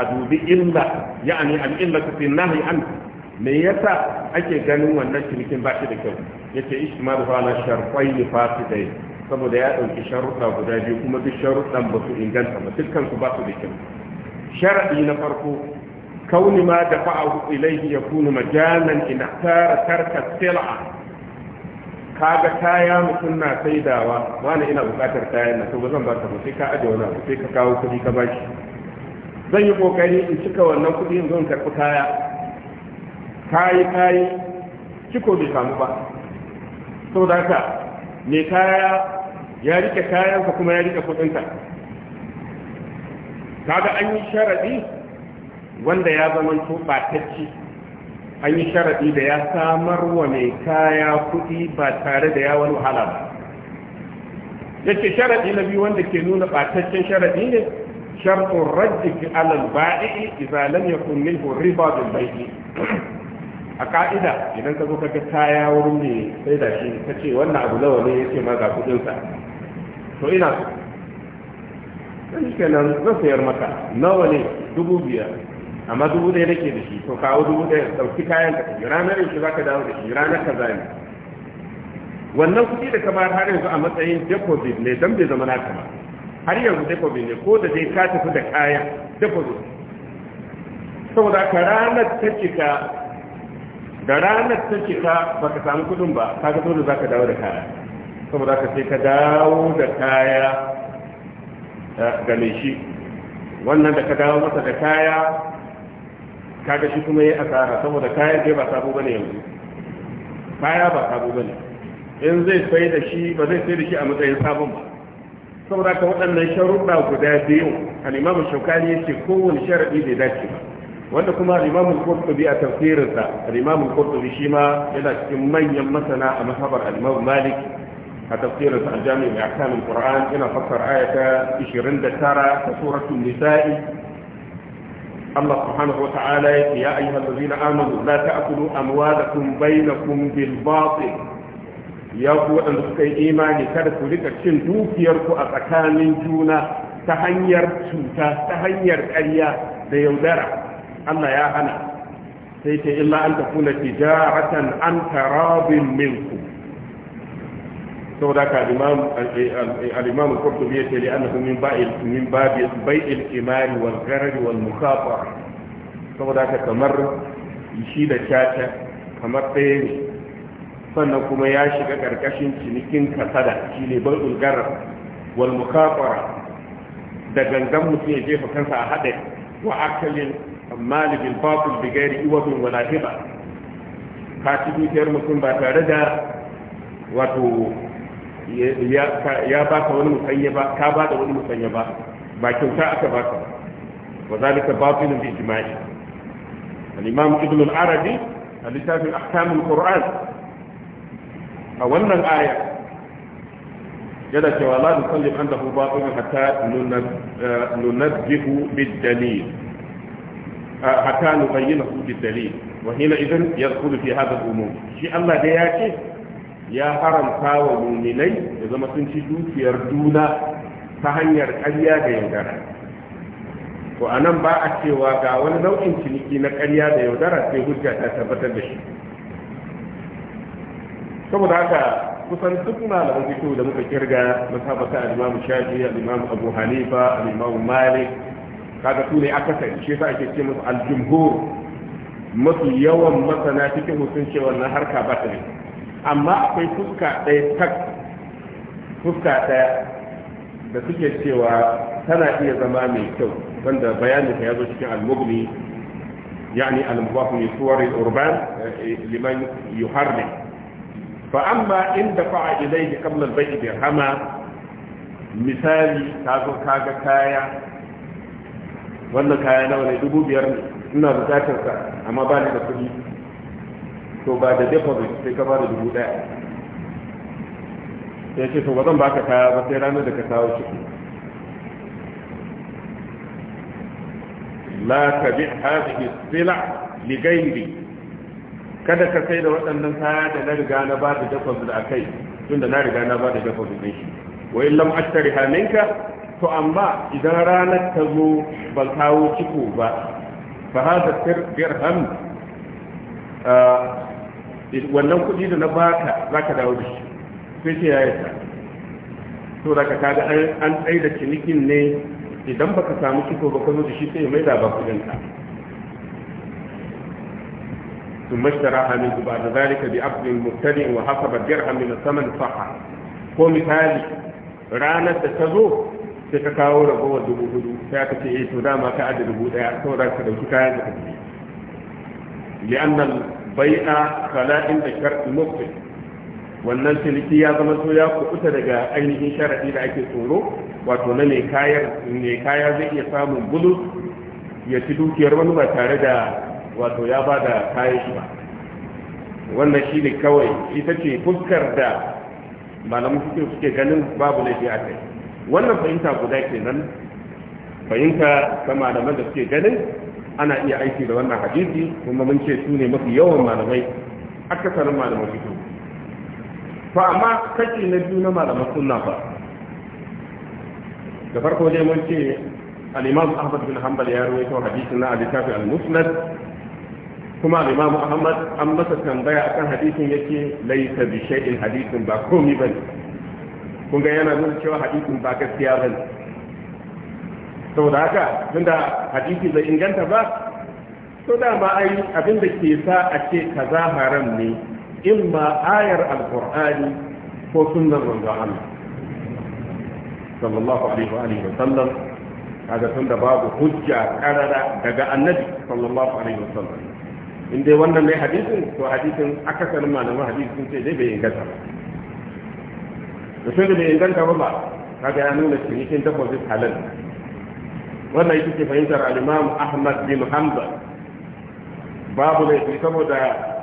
a dubi illa ya'ani al-illa fi nahi an me yasa ake ganin wannan cinikin ba shi da kyau Ya yace ishmaru ala sharqai fasidai saboda ya ɗauki sharuɗa guda biyu kuma duk sharuɗan ba su inganta ba dukkan su ba su da kyau sharadi na farko kauni ma da fa'ahu ilaihi yakunu majalan in tara tarka sil'a kaga kaya mutum na saidawa wani ina bukatar kayan na to ba zan baka ta sai ka aje wani abu sai ka kawo kuɗi ka bashi zan yi kokari in cika wannan kuɗi in zan karɓi kaya kayi kayi ciko bai samu ba saboda haka mai kaya ya rike ka kuma ya rike kuɗinka kaga an yi sharaɗi wanda ya zama tubatacci an yi sharaɗi da ya samar wa mai kaya kuɗi ba tare da ya wani wahala ba yace sharaɗi na biyu wanda ke nuna bataccen sharaɗi ne sharɗin rajji fi alal ba'i idza lam yakun minhu riba bil bai'i a ka'ida idan ka zo ka ga kaya wurin ne sai da shi ka ce wannan abu nawa ne yace ma ga kuɗinsa. to ina sai kenan zan sayar maka nawa ne dubu biyar amma dubu ɗaya nake da shi to kawo dubu ɗaya ɗauki kayan ka tafi ranar yanzu za ka dawo da shi ranar ka ne wannan kuɗi da kamar har yanzu a matsayin deposit ne don bai zama naka ba har yanzu deposit ne ko da dai ka tafi da kayan deposit saboda ka ranar ta cika da ranar ta cika ka samu kuɗin ba ka ga dole za ka dawo da kaya saboda ka sai ka dawo da kaya ga mai shi wannan da ka dawo masa da kaya kaga shi kuma ya asara saboda kaya dai ba sabo bane yanzu kaya ba sabo bane in zai sai da shi ba zai sai da shi a matsayin sabon ba saboda ka waɗannan sharuɗa guda biyu al-imamu ya ce kowane sharaɗi bai dace ba wanda kuma al-imamu a tafsirinsa al-imamu qurtubi shi ma yana cikin manyan masana a mahabar al maliki. تفسير الجامع لأحكام القرآن إلى فصل آية 29 سورة النساء الله سبحانه وتعالى يا أيها الذين آمنوا لا تأكلوا أموالكم بينكم بالباطل يا يقول أن تكون إيماني كرت لتكشن دوكيرك أتكان من جونة تهنير سوتا تهنير أليا ديودرة الله يا أنا سيتي إلا أن تكون تجارة عن تراب منكم saboda ka al-imam al-qurtubi yace li annahu min ba'il min babi bai'il imari wal gharar wal mukafa saboda ka kamar shi da tata kamar ɗaya ne sannan kuma ya shiga ƙarƙashin cinikin kasada shi ne bai'ul gharar wal mukafa da gangan mutum ya jefa kansa a haɗe wa akalin malibin batul bigari iwabin wala hiba ka ci dukiyar mutum ba tare da wato ya ba ka wani musanya ba ka ba da wani musanya ba ba kyauta aka ba baka wa zalika batilun bi ijma'i al-imam ibn al-arabi a littafin ahkamul qur'an a wannan aya yana cewa la nusallin an dahu batilun hatta nunazzihu eh, bid-dalil hatta nubayyinahu bid-dalil wa hina idan yadkhulu fi hadha al-umur shi Allah da ce? ya haramta wa muminai ya zama sun ci dukiyar juna ta hanyar ƙarya da yaudara to a nan ba a cewa ga wani nau'in ciniki na ƙarya da yaudara sai hujja ta tabbatar da shi saboda haka kusan duk malaman fito da muka kirga masabata al-imam shafi al-imam abu hanifa al-imam malik kaga su ne sani shi yasa ake ce musu al-jumhur mafi yawan masana cikin sun ce wannan harka ba ta ne amma akwai fuska ɗaya tak fuska ɗaya da suke cewa tana iya zama mai kyau wanda bayanin ya zo cikin al-mughni يعني المضاف لصور الأربان inda يحرم فأما إن دفع إليه قبل البيع درهما misali ta zo ka ga kaya wannan kaya nawa ne dubu biyar ne ina bukatar sa amma ba ni da kuɗi to ba da deposit sai ka bada dubu ɗaya, ya ce to ba zan baka kaya ba sai ranar da ka kawo ciki la ka bi hadhihi sila li ghairi kada ka sai da waɗannan kaya da na riga na ba da deposit a akai tunda na riga na ba da deposit din shi wa in lam ashtariha minka to amma idan ranar ta zo ban kawo ciko ba fa hada sir dirham ah, wannan kudi da na baka za ka dawo da shi sai ce ya yi ta to da ka kada an tsaye da cinikin ne idan baka samu kiko ba ka zo da shi sai mai da ba kuɗin ka ثم اشتراها منه بعد ذلك بعقد مبتدئ وحسب الدرهم من الثمن صحا ko misali ranar da ta zo sai ka kawo ragowar dubu hudu sai aka ce eh to dama ka ajiye dubu daya saboda ka dauki kayan da ka biye li'annal bai'a kala da shar'i mafi wannan ciniki ya zama so ya kubuta daga ainihin sharaɗi da ake tsoro wato na mai kaya zai iya samun gudu ya ci dukiyar wani ba tare da wato ya ba da kayan shi ba wannan shi ne kawai ita ce fuskar da malamu suke suke ganin babu laifi a kai wannan fahimta guda kenan fahimta ta malaman da suke ganin ana iya aiki da wannan hadisi kuma mun ce su ne mafi yawan malamai akasarin malamai fito fa amma kashi na biyu na malamai sunna ba da farko dai mun ce al-imam ahmad bin hanbal ya rawaito hadisin na al-kafi al-musnad kuma al-imam ahmad an masa tambaya akan hadisin yake laisa bi shay'in hadisin ba komi bane kun ga yana nuna cewa hadisin ba gaskiya bane saboda haka tunda hadisi zai inganta ba to ba ai abin da ke sa a ce kaza haram ne in ma ayar alqur'ani ko sunnar manzo Allah sallallahu alaihi wa alihi wa sallam kaga tunda babu hujja karara daga annabi sallallahu alaihi wa sallam in dai wannan mai hadisin to hadisin akasarin malaman hadisi sun ce dai bai inganta ba da tunda bai inganta ba ba kaga ya nuna cinikin dabbobin halal wannan ita ce fahimtar al'imam Ahmad bin Hanbal babu laifi saboda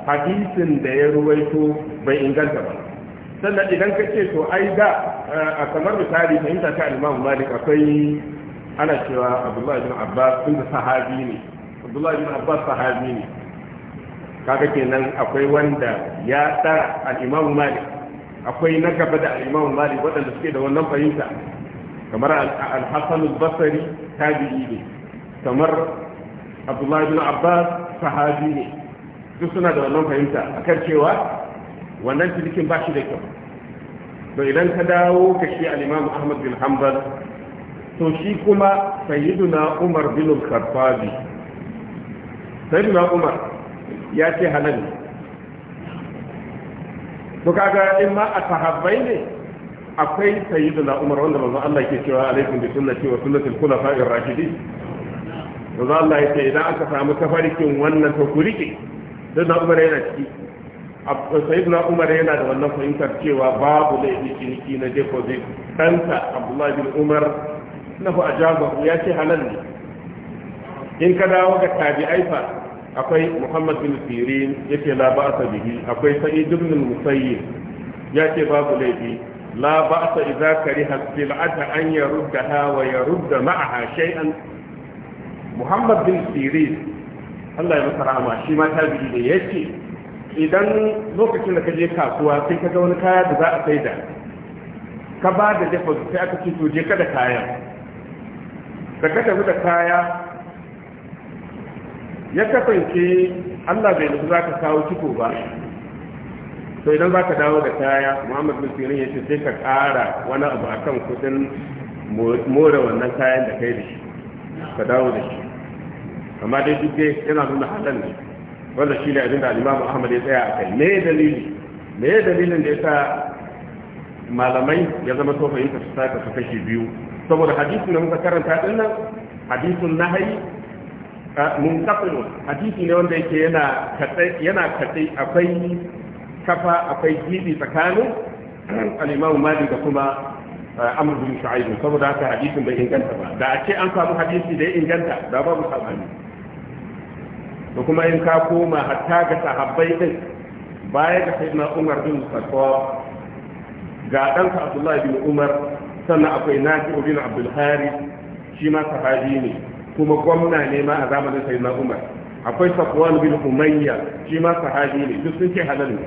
hadisin da ya ruwaito bai inganta ba sannan idan ka ce to ai da a kamar misali fahimta ta al'imam Malik akwai ana cewa Abdullahi bin Abbas sun da sahabi ne Abdullahi bin Abbas sahabi ne kaga kenan akwai wanda ya tsara al'imam Malik akwai na gaba da al'imam Malik waɗanda suke da wannan fahimta kamar al-Hasan al-Basri tabi'i ne kamar abdullahi bin abbas sahabi ne duk suna da wannan fahimta A kan cewa wannan cikin ba shi da kyau to idan ka dawo ka shi al-imam ahmad bin hanbal to shi kuma sayyiduna umar bin al-khattabi sayyiduna umar ya ce halal to kaga in ma a sahabbai ne akwai sayyidina umar wanda manzo Allah ke cewa alaikum bi sunnati wa sunnatil khulafa'ir rashidin manzo Allah ya ce idan aka samu tafarkin wannan to ku rike dan umar yana ciki sayyidina umar yana da wannan fahimtar cewa babu laifi ciniki na deposit Kanta abdullahi bin umar na fa ajaba ya ce halal ne in ka dawo ga tabi'ai fa akwai muhammad bin sirin yace la ba'sa bihi akwai sa'id ibn musayyib ce babu laifi la ba'sa idza kariha sil'ata an yaruddaha wa yarudda ma'aha shay'an Muhammad bin Sirin Allah ya masa rahama shi ma tabi'i ne yace idan lokacin da ka je kasuwa sai ka ga wani kaya da za a saida ka ba da deposit sai aka ce to je ka da kayan da ka tafi da kaya ya kasance Allah bai nufi za ka kawo ciko ba to idan za ka dawo da kaya muhammad bin sirin ya ce sai ka ƙara wani abu akan kudin more wannan kayan da kai da shi ka dawo da shi amma dai duk dai yana nuna halal ne wanda shi ne abin da alimamu ahmad ya tsaya a kai me dalili me dalilin da ya sa malamai ya zama to fahimta su saka su kashe biyu saboda hadisi na muka karanta din nan hadisin nahayi mun kafin hadisi ne wanda yake yana katsai akwai kafa akwai gibi tsakanin al-Imam Malik da kuma uh, Amr bin Shu'aib saboda haka hadisin bai inganta ba da a ce an samu hadisi da ya inganta da babu sabani Da kuma in ka koma hatta ga sahabbai din baya ga sayyidina Umar bin Khattab ga ɗansa Abdullahi bin Umar sannan akwai Nafi'u bin Abdul Harith shi ma sahabi ne kuma gwamna ne ma a zamanin sayyidina Umar akwai Safwan bin Umayya shi ma sahabi ne duk sun ce halal ne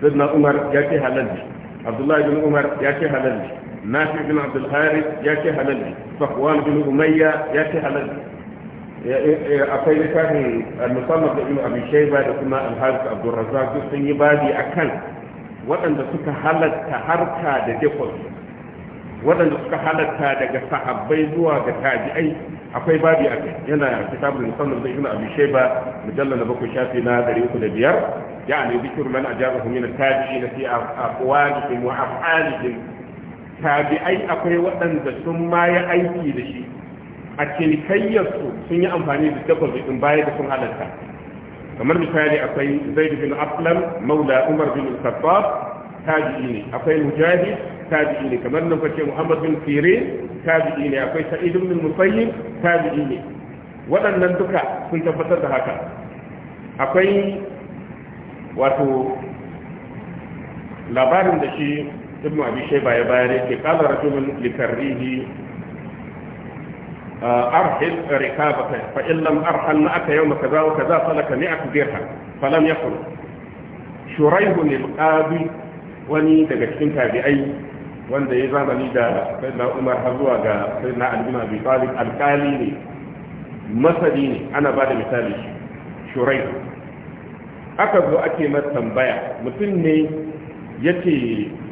sayyidina umar ya ce halal ne abdullahi bin umar ya ce halal ne nafi bin abdul ya ce halal ne safwan bin umayya ya ce halal ne akwai littafin musamman da ibn abi shayba da kuma al-harith abdul razzaq akan waɗanda suka halatta harka da default waɗanda suka halatta daga sahabbai zuwa ga tabi'ai akwai babi a kai yana kitabul musamman da ibnu abi shayba mujallal na bakwai shafi na 305 yani dhikru man ajabahu min at-tabi'in fi aqwalihim wa af'alihim tabi'ai akwai waɗanda sun ma aiki da shi a cinikayyarsu sun yi amfani da tabbas din baya da sun halatta kamar misali akwai zaid bin aslam maula umar bin al-khattab tabi'i ne akwai mujahid tabi'i ne kamar nan kace muhammad bin sirin tabi'i ne akwai sa'id bin musayyib tabi'i ne waɗannan duka sun tabbatar da haka akwai wato labarin da shi ibnu abi shayba ya bayar yake qala rajulun li karrihi arhil ah, rikabaka fa in lam arhal ma'aka yawma kaza wa kaza falaka mi'at dirham falam yakun shurayh al-qadi wani daga cikin tabi'ai wanda ya zamani da sayyidina umar har zuwa ga sayyidina ali bin abi talib alkali ne masani ne ana ba da misali shurai aka zo ake masa tambaya mutum ne yace ce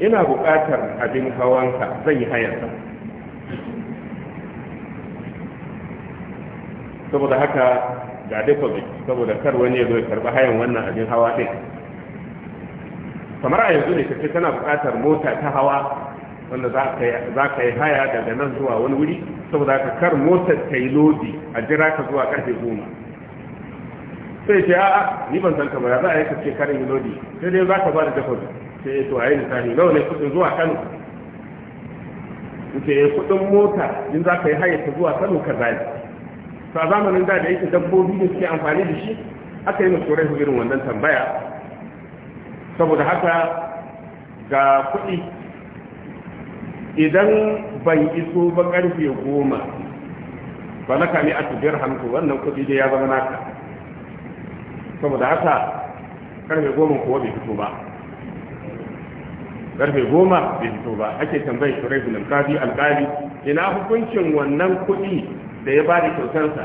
ina buƙatar abin hawanka zan yi hayarsa saboda haka ga dafa saboda kar wani ya zo ya karɓi hayan wannan abin hawa ɗin kamar a yanzu ne kake tana buƙatar mota ta hawa wanda za ka yi haya daga nan zuwa wani wuri saboda ka kar motar ta yi lodi a jira ka zuwa ƙarfe goma sai ce a'a ni ban san kamar za a yi kace karin yi lodi sai dai za ka ba da dafar sai to a yi misali nawa ne kudin zuwa kano yi eh, kudin mota in za ka yi haya ta zuwa kano ka zai to a zamanin da da yake dabbobi da suke amfani da shi aka yi musu rai wannan tambaya saboda haka ga kuɗi idan ban iso ba ƙarfe goma ba na kame a tubiyar hannu wannan kuɗi da ya zama naka saboda haka ƙarfe goma kuwa bai fito ba ƙarfe goma bai fito ba ake tambayi turai bin alƙali alƙali ina hukuncin wannan kuɗi da ya ba da kyautarsa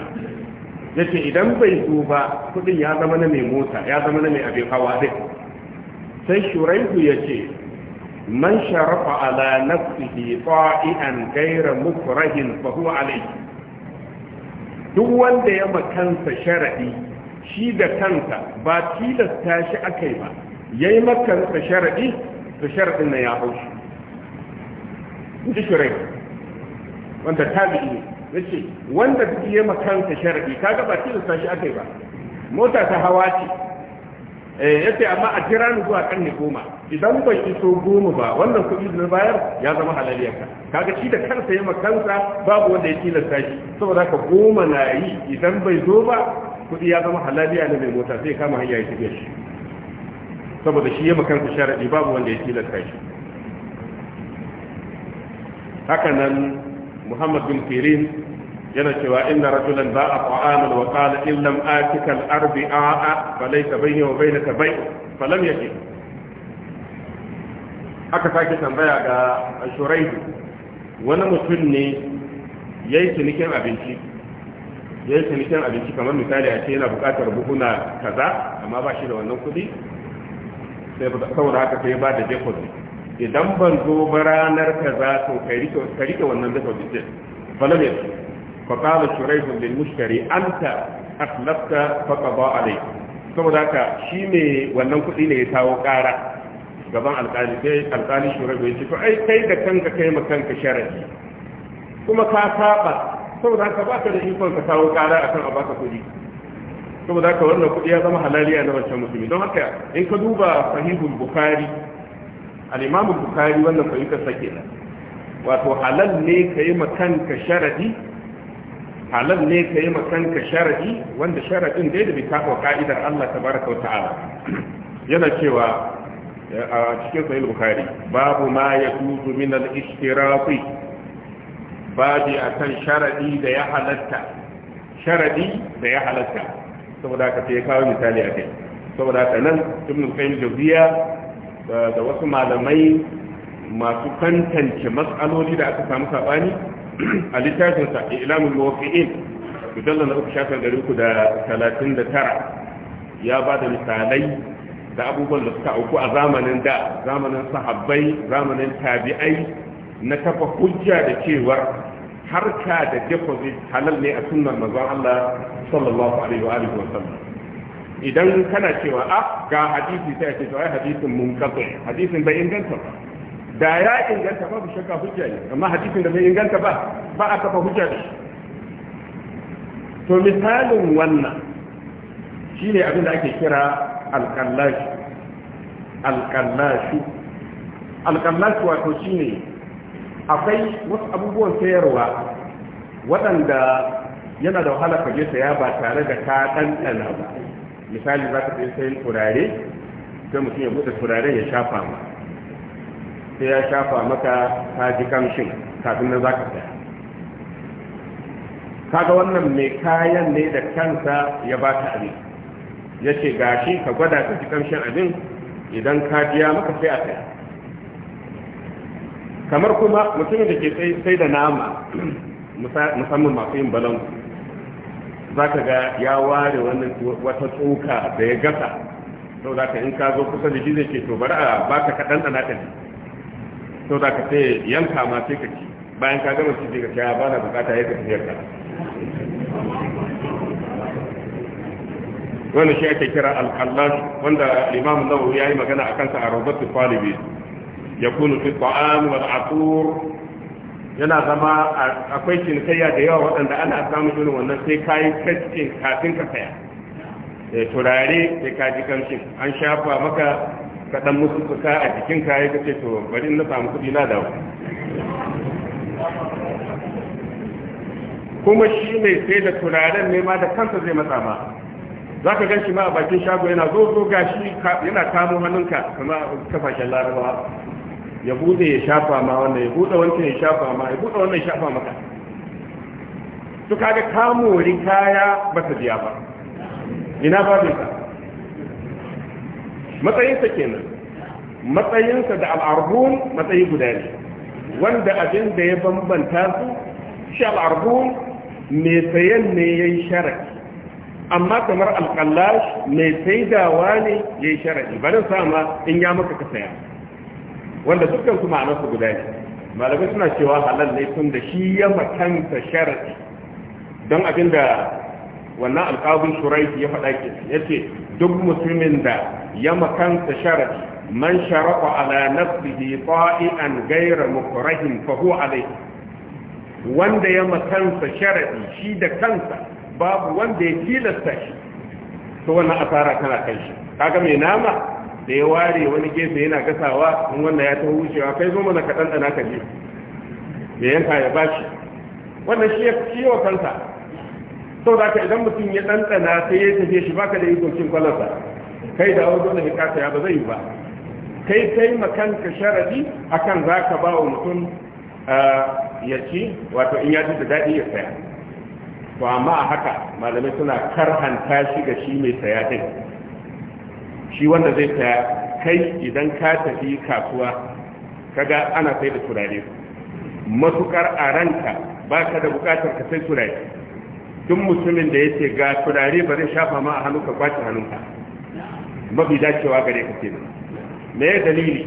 ya ce idan bai zo ba kuɗin ya zama na mai mota ya zama na mai abin hawa dai sai shuraihu ya ce man sharafa ala nafsihi fa'i'an gaira mufrahin fa huwa alayhi duk wanda ya makansa sharadi shi da kanta ba tilasta shi akai ba yayi makansa sharadi to sharadin nan ya haushi inji shuraihu wanda tabi'i ne yace wanda duk ya makansa sharadi kaga ba tilasta shi akai ba mota ta hawa ce Eh, ya ce amma a jira ni zuwa karni goma idan ban iso goma ba wannan kuɗi da bayar ya zama ka kaga shi da kansa ya makansa babu wanda ya tilasta shi saboda haka goma na yi idan bai zo ba kuɗi ya zama halaliya na mai mota sai kama hanya ya tafiya shi saboda shi ya makansa sharadi babu wanda ya tilasta shi hakanan nan muhammad bin firin yana cewa inna rajulan ba'a ta'aman wa qala in lam atika al-arbi'a fa laysa bayni wa baynaka bay' fa lam yaji aka sake tambaya ga shuraihu wani mutum ne yayi tunikin abinci yayi cinikin abinci kamar misali a ce yana buƙatar buhuna kaza amma ba shi da wannan kuɗi sai saboda haka sai ba da deposit idan ban zo ranar kaza to ka rike wannan deposit din fa lam فقال شريح للمشتري أنت أخلفت فقضى عليك saboda haka shi ne wannan kuɗi ne ya kawo ƙara gaban alƙali sai alƙali shuraibu ya ce to ai kai da kanka kai ma kanka sharadi kuma ka saba saboda haka ba ka da ikon ka kawo ƙara akan a baka kuɗi saboda haka wannan kuɗi ya zama halaliya na wancan musulmi don haka in ka duba sahihul bukhari al-imam bukhari wannan fahimtar sa kenan wato halal ne kai ma kanka sharadi halal ne ka yi makanka sharadi wanda sharadin dai da bai kafa ka'idar Allah tabaraka ta'ala yana cewa eh, a cikin sahih bukhari babu ma ya yajuzu min al-ishtiraqi babi akan sharadi da ya halatta sharadi da ya halatta saboda ka sai kawo misali a kai. saboda ka nan ibn qayyim jawziya eh, da wasu malamai masu kantance matsaloli da aka samu sabani a littafin sa ilamul muwaqqi'in mujallal na uku shafin dari uku da talatin da tara ya ba da misalai da abubuwan da suka auku a zamanin da zamanin sahabbai zamanin tabi'ai na kafa hujja da cewar harka da deposit halal ne a sunnar manzon Allah sallallahu alaihi wa alihi wa sallam idan kana cewa ah ga hadisi sai ka ce ai hadisin mun hadisin bai inganta ba da ya inganta babu shakka hujja ne amma hadisin da bai inganta ba ba a kafa hujja da shi to misalin wannan shine abin da ake kira alƙallashi alƙallashi alƙallashi wato shine akwai wasu abubuwan sayarwa waɗanda yana da wahala fage je saya ba tare da ka ɗanɗana ba misali za ka sayi sayin turare sai mutum ya buɗe turare ya shafa ma sai ya shafa maka ka ji kamshin kafin nan za ka saya kaga wannan mai kayan ne da kansa ya ba ta abin ya ce gashi ka gwada ka ji kamshin abin idan ka biya maka sai a saya kamar kuma mutumin da ke sai da nama musamman masu yin balon za ka ga ya ware wata tsoka da ya gasa sau za ka in ka zo kusa da shi zai ke to bari a baka kaɗan ɗana ta sau da ka sai yanka ma sai ka ci bayan ka gama cikin sai ka ah, ba na bukata ya ka yanka wani shi ake kira alƙallash wanda imamu nawawi ya yi magana a kansa a rabatu talibi ya kunu fi ta'am wa atur yana zama akwai cinikayya da yawa waɗanda ana samun irin wannan sai kayi kaskin kafin ka saya eh, turare sai ka ji kamshin an shafa maka ka dan musu kuka a jikin kayi ka ce to bari in na samu kuɗi na dawo kuma shi mai sai da turaren ne ma da kansa zai matsa ma za ka gan shi ma a bakin shago yana zo zo gashi yana kamo hannunka kama kafashen larabawa ya bude ya shafa ma wannan ya bude wancan ya shafa ma ya bude wannan ya shafa maka to kaga kamo kaya ba ta biya ba ina babin matsayinsa kenan matsayinsa da al'arbun matsayi guda ne wanda abin da ya bambanta su shi al'arbun mai sayan ne ya yi sharaɗi, amma kamar alƙallash mai saidawa ne ya yi sharaki barin sama in ya maka ka saya wanda dukkan su ma'anarsa guda ne malamai suna cewa halal ne tun da shi ya makanta sharaɗi, don abin da wannan alƙawun shuraiki ya faɗa ke ya ce duk mutumin da ya makanta sharafi, man sharafa ala nafsihi ta'ian ghayra mukrahin fa huwa wanda ya makansa sharafi shi da kansa babu wanda ya tilasta shi to wannan asara tana kai shi kaga mai nama da ya ware wani gefe yana gasawa in wannan ya ta wucewa kai zo mana ka dandana ka je me yanka ya bashi wannan shi ya ciwo kansa sau da ka idan mutum ya ɗanɗana sai ya tafi shi baka da ikokin kwalarsa kai da awon dole hikasa ya ba zai yi ba kai kai ka sharadi akan za ka ba wa mutum ya ci wato in ya ji da daɗi ya saya to amma a haka malamai suna karhanta shi ga shi mai saya din shi wanda zai saya kai idan ka tafi kasuwa kaga ana sai da turare matukar a ranka baka da bukatar ka sai turare duk mutumin da ce ga turare ba zai shafa ma a hannu ka kwace hannunka mafi dacewa gare ka kenan me ya dalili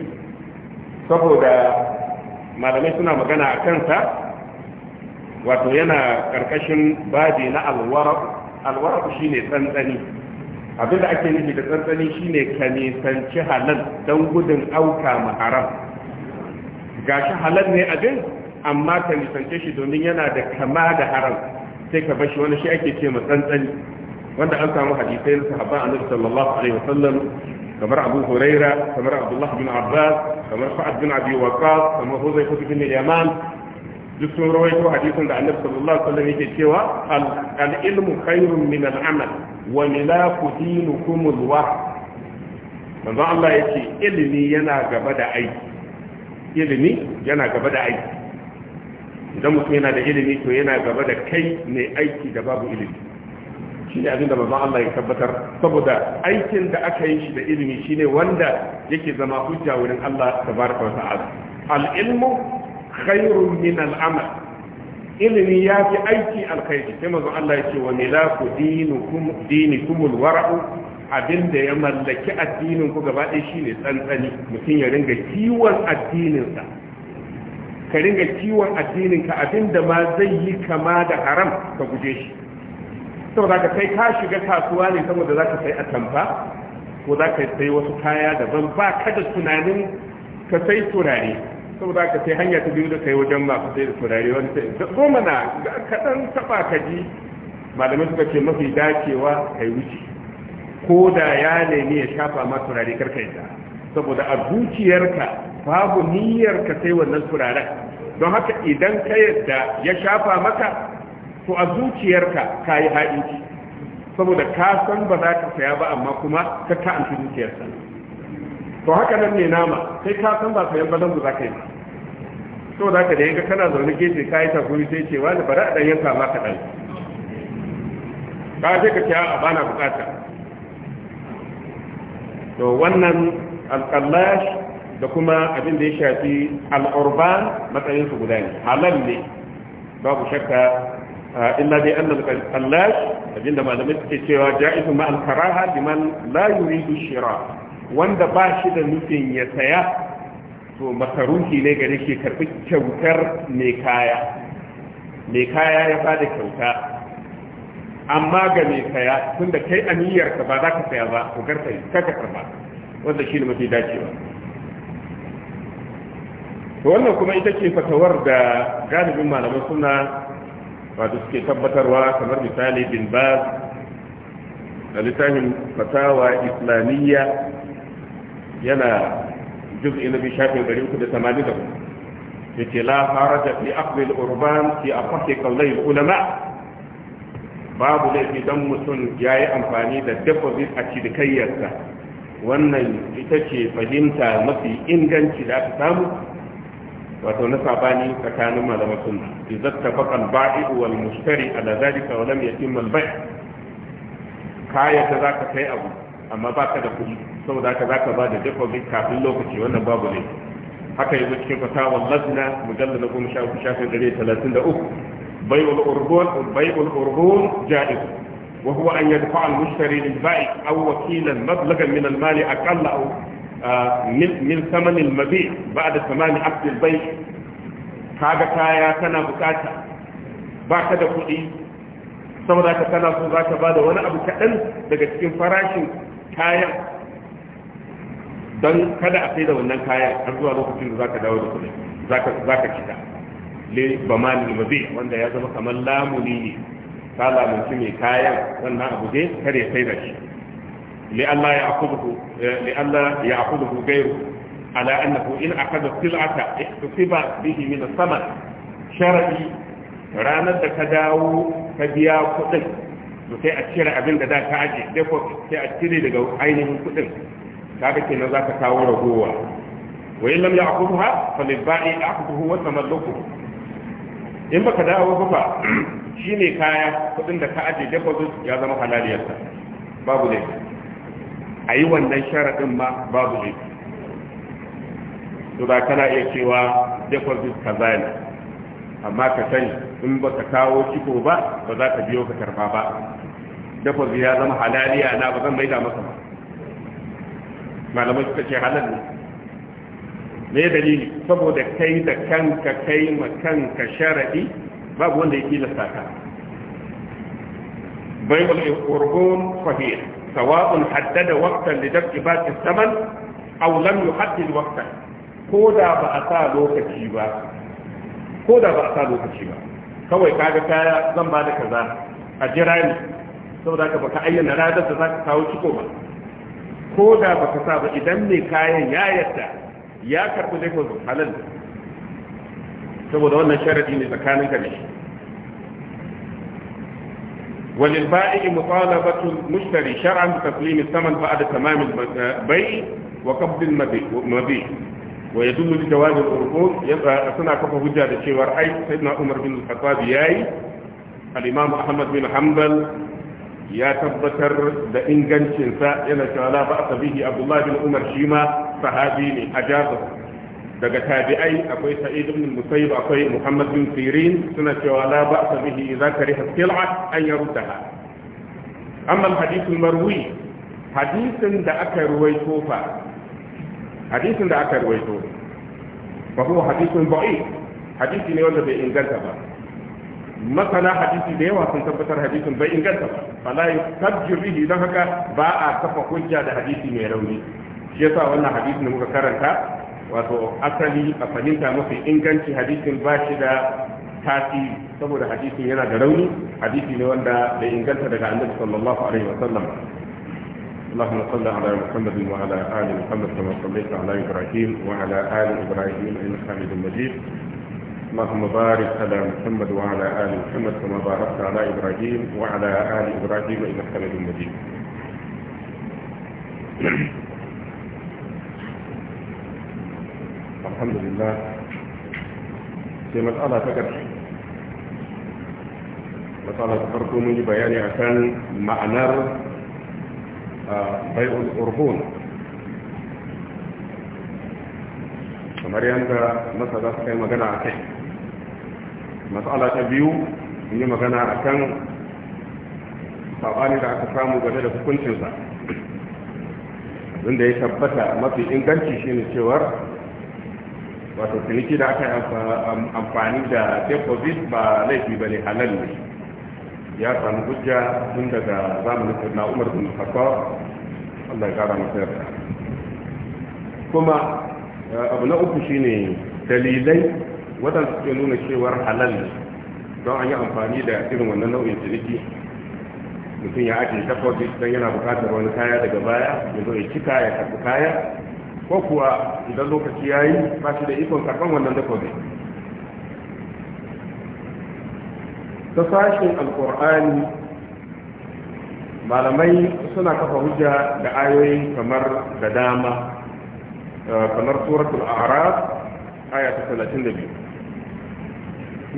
saboda malamai suna magana a kansa wato yana karkashin babi na alwara alwara shine tsantsani abinda ake nufi da tsantsani shine ka nisanci halal don gudun auka ma haram gashi halal ne abin amma ka nisance shi domin yana da kama da haram sai ka bashi wani shi ake ce ma tsantsani wanda an samu hadisai na sahabban annabi sallallahu alaihi wasallam kamar abu huraira kamar abdullah bin abbas kamar sa'ad bin abi waqas kamar huzaifa bin yaman duk sun rawaito hadisin da annabi sallallahu alaihi wasallam yake cewa al ilmu khairun min al amal wa milaku dinukum al wah manzo Allah yake ilimi yana gaba da aiki ilimi yana gaba da aiki idan mutum yana da ilimi to yana gaba da kai mai aiki da babu ilimi shi ne abinda babban Allah ya tabbatar saboda aikin da aka yi shi da ilimi shi ne wanda yake zama hujja wurin Allah ta tabaraka wa ta'ala al-ilmu khairun min al-amal ilimi ya fi aiki alkhairi sai mazan Allah ya ce wa milaku dinukum al wara'u abinda ya mallaki addinin ku gaba ɗaya shine tsantsani mutum ya ringa kiwon addininsa ka ringa kiwon addininka abinda ma zai yi kama da haram ka guje shi saboda ka sai ka shiga kasuwa ne saboda za ka sai atamfa ko za ka sai wasu kaya daban ba ka da tunanin ka sai turare saboda ka sai hanya ta biyu da kai wajen ka sai da turare wani sai zo mana kaɗan taɓa ka ji malamai suka ce mafi dacewa kai wuce ko da ya nemi ya shafa ma turare karkai yi saboda a zuciyarka babu niyyar ka sai wannan turaren don haka idan ka yadda ya shafa maka to a zuciyarka ka yi ha'inci saboda ka san ba za ka saya ba amma kuma ka ta'anci zuciyarsa to haka nan ne nama sai ka san ba sayan bazan za ka yi to za ka da yanka kana zaune gefe ka yi takuri sai ce wani bari a ɗan yanka ma kaɗan ka sai ka ce a bana bukata to wannan alƙallash da kuma abin da ya shafi al'urba matsayin su guda ne halal ne babu shakka ah, illa dai annal qallash abin da malamai suke cewa ja'izu ma al-karaha liman la yuridu shira wanda ba shi da nufin ya saya to makaruhi ne gare shi karbi kyautar mai kaya mai kaya ya bada kyauta amma ga mai saya tunda kai amiyyarka ba za ka saya ba ko garka ka karba wanda shi ne mafi dacewa to wannan kuma ita ce fatawar da galibin malamai suna wato suke tabbatarwa kamar misali bin baz da littafin fatawa islamiyya yana juz'i na bishafin 384 ya ce la haraja fi aqbil urban fi afaqi qawlai ulama babu laifi dan mutum yayi amfani da deposit a cinikayyarsa wannan ita ce fahimta mafi inganci da aka samu wato na sabani tsakanin malaman sunna idza tafaqa al-ba'i wal mushtari ala zalika wa lam yatim al-bai kaya da zaka kai abu amma baka da kuɗi saboda haka zaka ba da deposit kafin lokaci wannan babu ne haka yanzu cikin fatawa lazna mujallal na goma sha uku shafin ɗari talatin da uku bai'ul urbun bai'ul urbun ja'iz وهو أن يدفع المشتري للبائع أو وكيلا مبلغا من المال أقل أو min samanin mabi ba da samani abdul bai kaga kaya kana bukata ba ka da kuɗi saboda ka kana so za ka ba da wani abu kaɗan daga cikin farashin kayan don kada a sai da wannan kayan har zuwa lokacin da za ka dawo da kuɗi za ka kita? le ba malin mabi wanda ya zama kamar lamuni ne ka lamunci mai kayan wannan abu dai ya sai da shi لئلا يأخذه لئلا يأخذه غيره على أنه إن أخذ السلعة احتسب به من الثمن شرعي ranar da ka dawo ka biya kuɗin to sai a cire abin da za ka aje default sai a cire daga ainihin kuɗin kaga kenan za ka kawo ragowa wa in lam ya'khudha fa lil ba'i ya'khudhu wa tamalluku in baka dawo ba shine kaya kuɗin da ka aje deposit ya zama halaliyarsa babu laifi a yi wannan sharaɗin ma babu ne to ba kana iya cewa deposit kaza ne amma ka sani in ba ka kawo ciko ba ba za ka biyo ka karfa ba deposit ya zama halaliya na ba zan maida masa ba malamai suka ce halal ne me dalili saboda kai da kanka kai ma kanka sharaɗi babu wanda ya tilasta sata. bai wani urhum fahiyah sawa'un haddada waqtan li daf'i baqi zaman aw lam yuhaddid waqtan ko da ba a sa lokaci ba ko da ba a sa lokaci ba kawai kaga kaya zan ba da kaza a jira ni saboda ka baka ayyana ranar da ka kawo ciko ba ko da baka sa ba idan mai kayan ya yarda ya karɓi dai ko halal saboda wannan sharadi ne tsakanin ka da shi وللبائع مطالبة المشتري شرعا بتسليم الثمن بعد تمام البيع وقبض المبيع ويدل لجواز الأرقون سنة كفى هجة لشيوار أي سيدنا عمر بن الخطاب ياي الإمام أحمد بن حنبل يا تبتر دا إنجان شنساء إلى شوالا بأس به عبد الله بن عمر شيما صحابيني أجابه daga tabi'ai akwai sa'id ibn musayyib akwai muhammad bin sirin suna cewa la ba'sa bihi idza kariha sil'a an yaruddaha amma al-hadith marwi hadisin da aka ruwaito fa hadisin da aka ruwaito fa huwa hadithun da'if hadisi ne wanda bai inganta ba masana hadisi da yawa sun tabbatar hadisin bai inganta ba fala yustajir bihi dan haka ba a kafa hujja da hadisi mai rauni shi yasa wannan hadisi ne muka karanta wato asali a fahimta mafi inganci hadisin ba shi da tasiri saboda hadisin yana da rauni hadisi ne wanda bai inganta daga annabi sallallahu alaihi wa sallam اللهم صل على محمد وعلى ال محمد كما صليت على ابراهيم وعلى ال ابراهيم انك حميد مجيد اللهم بارك على محمد وعلى ال محمد كما باركت على ابراهيم وعلى ال ابراهيم انك حميد مجيد alhamdulillah sai matsala ta ƙarshe matsala ta farko mun yi bayani a kan ma'anar bai'ul urbun kamar yadda masana suka yi magana a kai matsala ta biyu mun yi magana a kan saɓani da aka samu game da hukuncinsa abinda ya tabbata mafi inganci shi shine cewar wato ciniki da aka amfani da deposit ba laifi ba ne halal ne ya samu hujja tun daga zamanin na umar bin khattab Allah ya kara masu yarda kuma eh, abu na uku shine dalilai wadanda suke nuna cewar halal ne don an yi amfani da irin wannan nau'in ciniki mutum ya ake deposit don yana bukatar wani kaya daga baya ya zo ya cika ya karɓi kaya ko kuwa idan lokaci ya yi ba da ikon karban wannan da kome ta sashen alkur'ani malamai suna kafa hujja da ayoyi kamar da dama eh, kamar suratul a'raf aya ta 32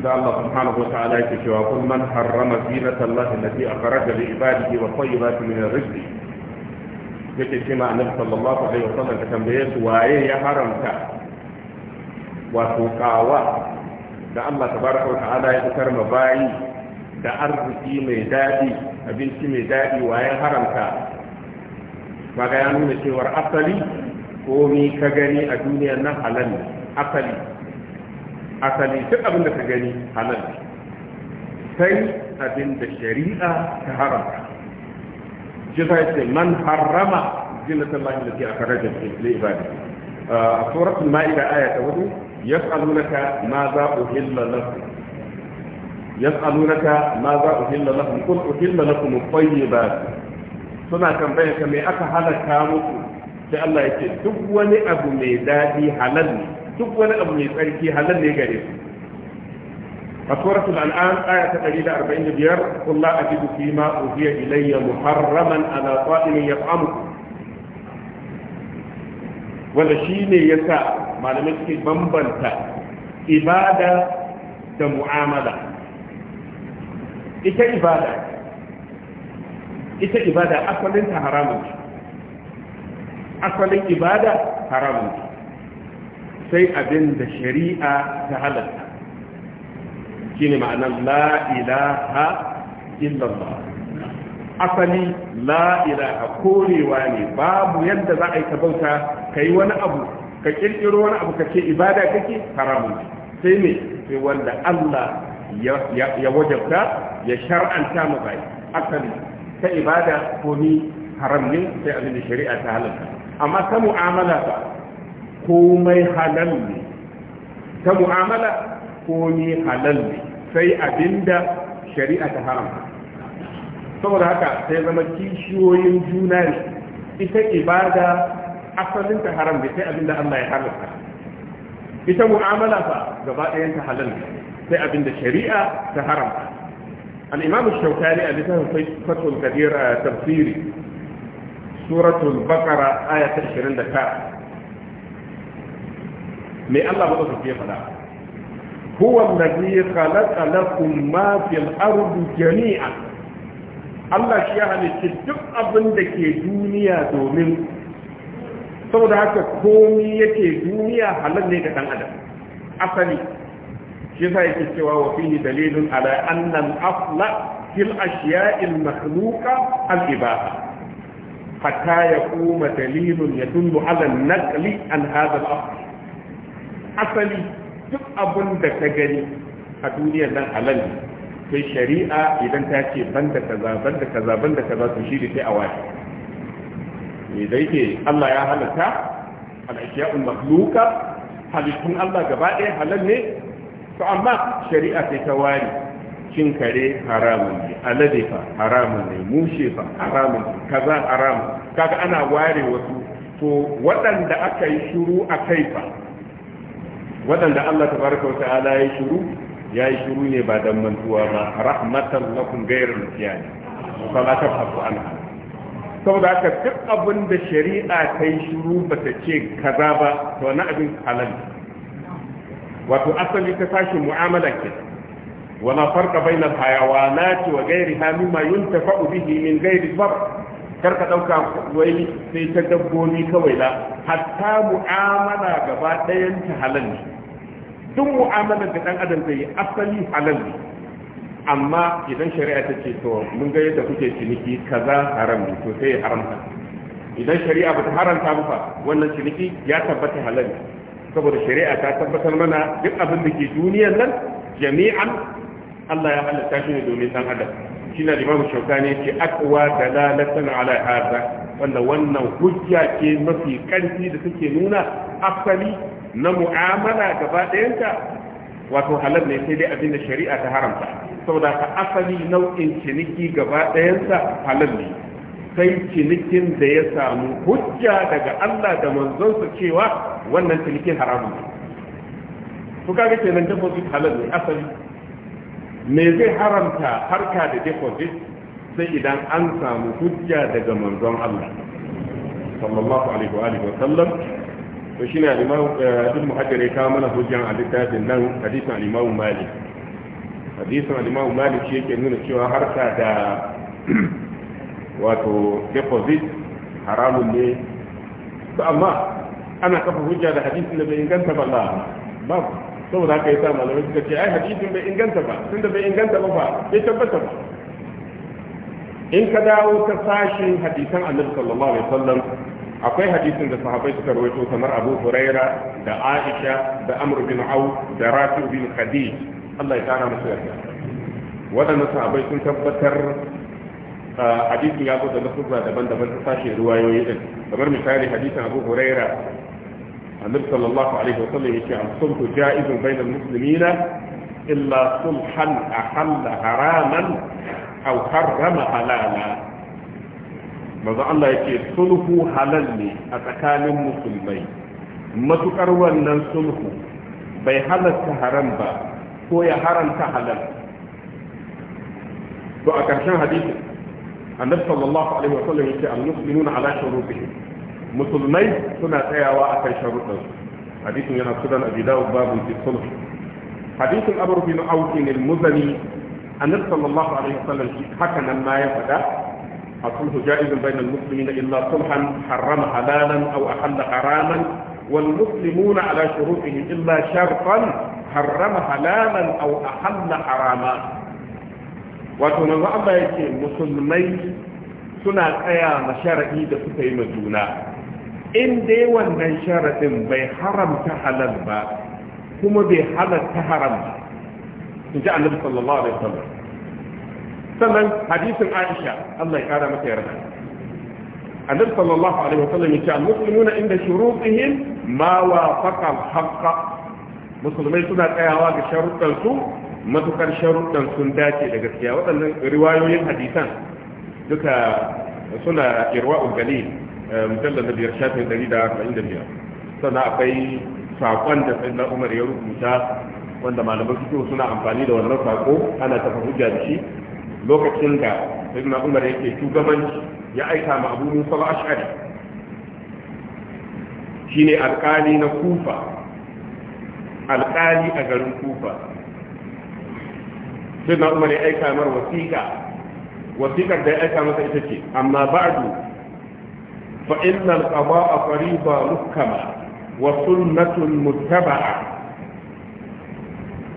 da Allah subhanahu wa ta'ala yake cewa kun man harrama zinatan Allah allati akhraja li ibadihi wa tayyibati min rizqihi yake ce ma annabi sallallahu alaihi wasallam ta tambaye su waye ya haramta wato kawa da Allah tabaraka wa ta'ala ya fitar ma bayi da arziki mai daɗi abinci mai daɗi waye haramta kaga ya nuna cewar asali ko komi ka gani a duniyar nan halal asali asali duk abin da ka gani halal kai sai abin da shari'a ta haramta shi sa yace man harrama jannatan lahi allati akhraja li ibadihi a suratul ma'ida aya ta hudu yas'alunaka ma za uhilla lakum yas'alunaka ma za uhilla lakum qul uhilla lakum at-tayyibat suna tambayar ka me aka halaka muku sai Allah yake duk wani abu halal ne duk wani abu mai tsarki halal ne gare a suratul al'an aya ta 145 kullu ajidu fi ma uhiya ilayya muharraman ala qa'imin yat'amu wanda shine yasa malamai suke bambanta ibada da mu'amala ita ibada ita asalin haramun ce asalin ibada haramun ce sai abin da shari'a ta halatta shine ma'anar la ilaha illallah asali la ilaha korewa ne babu yadda za a yi ka bauta ka yi wani abu ka kirkiro wani abu ka ce ibada kake haramun sai ne sai wanda Allah ya wajabta ya shar'anta mu bai asali ta ibada ko ni haram ne sai abin da shari'a ta halalta amma ta mu'amala ba komai halal ne ta mu'amala komi halal ne sai abinda shari'a ta haramta saboda haka sai zama kishiyoyin juna ne ita ibada asalin ta haram ne sai abinda Allah ya haramta ita mu'amala fa gaba ɗayan ta halal ne sai abinda shari'a ta haramta al-imam shawkani a littafin fatul kadir tafsiri suratul baqara aya ta 29 me Allah ba ta fiye fada huwa allazi khalaqa lakum ma fil ardi jami'a Allah shi ya halitta duk abin da ke duniya domin saboda haka komai yake duniya halal ne ga dan adam asali shi yasa yake cewa wa fihi dalilun afla fil ashiya'i al-makhluqa al-ibaha ya yaquma dalilun yadullu ala an-naqli an hadha al asali duk abin da ka gani a duniyar nan halal ne sai shari'a idan ta ce banda kaza da kaza da kaza to shi da sai a me da yake Allah ya halatta al ashyau makhluqa halittun Allah gaba ɗaya halal ne to amma shari'a sai ta ware cin kare haramun ne alade fa haramun ne mushe fa haramun kaza haramun kaga ana ware wasu to waɗanda aka yi shiru a kai fa waɗanda Allah tabaraka wa ta'ala ya shiru ya yi shiru ne ba dan mantuwa ba rahmatan lakum ghayrul qiyam fala tafhasu anha saboda haka duk abin da shari'a ta yi shiru ba ta ce kaza ba to na abin halal wato asali ta tashi mu'amala ke wala farqa bainal hayawanati wa ghayriha mimma yuntafa'u bihi min ghayri farq kar ka ɗauka wai sai ta dabbobi kawai la hatta mu'amala gaba ɗayan ta halal ne duk mu'amalar da ɗan adam zai yi asali halal ne amma idan shari'a ta ce to mun ga yadda kuke ciniki kaza haram ne to sai haramta idan shari'a ba ta haramta ba fa wannan ciniki ya tabbata halal ne saboda shari'a ta tabbatar mana duk abin da ke duniyar nan jami'an Allah ya halatta shi ne domin ɗan adam shi na limamu shaukani ce akwa dalalatan ala hadha wanda wannan hujja ce mafi karfi da take nuna asali na mu'amala gaba ɗayanta wato halal ne sai dai abin da shari'a ta haramta saboda ka asali nau'in ciniki gaba ɗayansa halal ne sai cinikin da ya samu hujja daga Allah da manzonsa cewa wannan cinikin haramun ne to kaga kenan dabbobi halal ne asali me zai haramta harka da deposit sai idan an samu hujja daga manzon Allah sallallahu alaihi wa alihi wa sallam to shine al-imam eh, ibn hajar ya kawo mana hujjan a littafin nan hadisin al-imam malik hadisin al-imam malik shi yake nuna cewa harka da wato deposit haramun ne ba amma ana kafa hujja da hadisin da bai inganta ba babu saboda haka yasa malamai suka ce ai hadisin bai inganta ba tunda bai inganta ba fa bai tabbata ba in ka dawo ta sashin hadisan annabi sallallahu alaihi wasallam akwai hadisin da sahabbai suka rawaito kamar Abu Huraira da Aisha da Amr bin Auf da Rafi bin Khadij Allah ya kara musu yarda wadannan sahabbai sun tabbatar hadisin ya zo da lafuzza daban-daban ta sashin ruwayoyi din kamar misali hadisin Abu Huraira annabi sallallahu alaihi wa sallam yace as-sulhu ja'izun bainal muslimina illa sulhan ahalla haraman aw harrama halala manzo Allah yake sulhu halal ne a tsakanin musulmai matukar wannan sulhu bai halatta haram ba ko ya haranta halal to a ƙarshen hadisi annabi sallallahu alaihi wa musulmai suna tsayawa a kan sharuɗin hadisin yana sunan abi dawud babu fi sulh hadisin abu bin auf bin al-muzani annabi sallallahu alaihi wasallam haka nan ma ya faɗa الصلح جائز بين المسلمين إلا صلحا حرم حلالا أو أحل حراما والمسلمون على شروطهم إلا شرطا حرم حلالا أو أحل harama wato nan Allah ya musulmai suna tsaya ma shara'i da suka yi ma juna in dai wannan sharaɗin bai haramta halal ba kuma bai halatta haram in ji annabi sallallahu alaihi wasallam sannan hadisin Aisha Allah ya kara mata yarda annabi sallallahu alaihi wasallam yace al-muslimuna inda shurutihim ma wafaqa al-haqq musulmai suna tsayawa ga sharuɗan su matukar sharuɗan sun dace da gaskiya waɗannan riwayoyin hadisan duka suna irwa'ul galil Eh, mujallar biyar shafin ɗari da arba'in da biyar sannan akwai saƙon da na umar ya rubuta wanda malaman fito suna amfani da wannan saƙo ana tafa hujja da shi lokacin da na umar yake shugabanci ya aika ma abu musa al-ash'ari shine alƙali na kufa alƙali a garin kufa na umar ya aika mar wasiƙa wasiƙar da ya aika masa ita ce amma ba'du فإن القضاء فريضة محكمة وسنة متبعة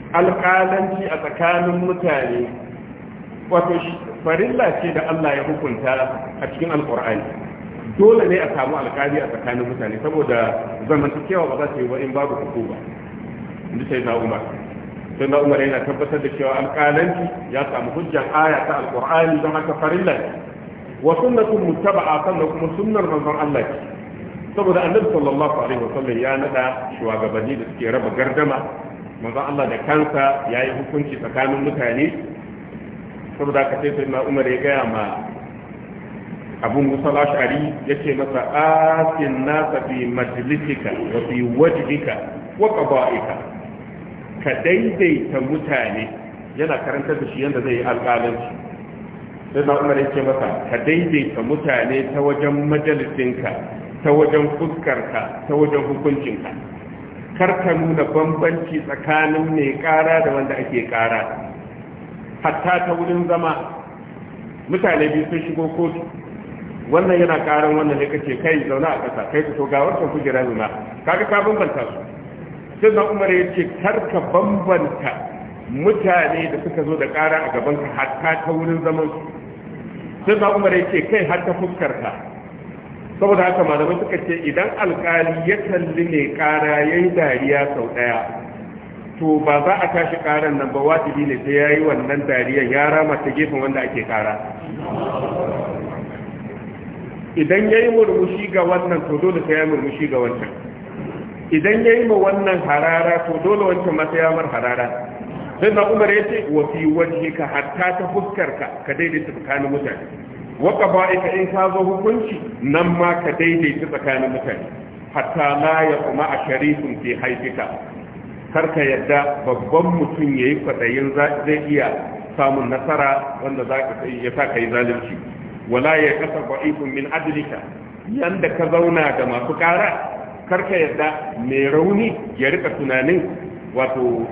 alƙalanci a tsakanin mutane wato farilla ce da Allah ya hukunta a cikin alƙur'ani dole ne a samu alƙali a tsakanin mutane saboda zamantakewa ba za ta yi ba in babu hukuma inda sai na umar sai na umar yana tabbatar da cewa alƙalanci ya samu hujjar aya ta alƙur'ani don haka farilla ne wa sunnatun muttaba'a sannan kuma sunnar manzon Allah ce saboda annabi sallallahu alaihi wasallam ya nada shugabanni da suke raba gardama manzon Allah da kansa yayi hukunci tsakanin mutane saboda ka sai sai Umar ya gaya ma Abu Musa al-Ash'ari yace masa asin nasa fi majlisika wa fi wajhika wa qada'ika ka daidaita mutane yana karantar da shi yanda zai yi alƙalanci sai na umar yake masa ka daidaita mutane ta wajen majalisinka ta wajen fuskarka ta wajen hukuncinka kar ka nuna bambanci tsakanin mai kara da wanda ake kara hatta ta wurin zama mutane biyu sun shigo kotu wannan yana karan wannan ne kace kai zauna a ƙasa kai so ga wancan kujera zuna kaga ka bambanta su sai na umar ya ce kar ka bambanta mutane da suka zo da kara a gaban ka hatta ta wurin zaman su sai ba umar ya ce kai har ta fuskarka saboda haka malamai suka ce idan alkali ya kalli mai kara ya yi dariya sau ɗaya to ba za a tashi karan nan ba wajibi ne sai yayi wannan dariya ya rama ta gefen wanda ake kara idan yayi murmushi ga wannan to dole sai ya murmushi ga wancan idan yayi ma wannan harara to dole wancan ma sai ya mar harara sai na umar ya ce wa fi ka hatta ta fuskarka ka daidaita tsakanin mutane wa qaba'ika in ka zo hukunci nan ma ka daidaita tsakanin mutane hatta la a asharifun ke haifika karka yadda babban mutum yayi kwadayin zai iya samun nasara wanda za ka ya sa ka yi zalunci wala ya kasa ba'ifun min adlika yanda ka zauna da masu kara ka yadda mai rauni ya rika tunanin wato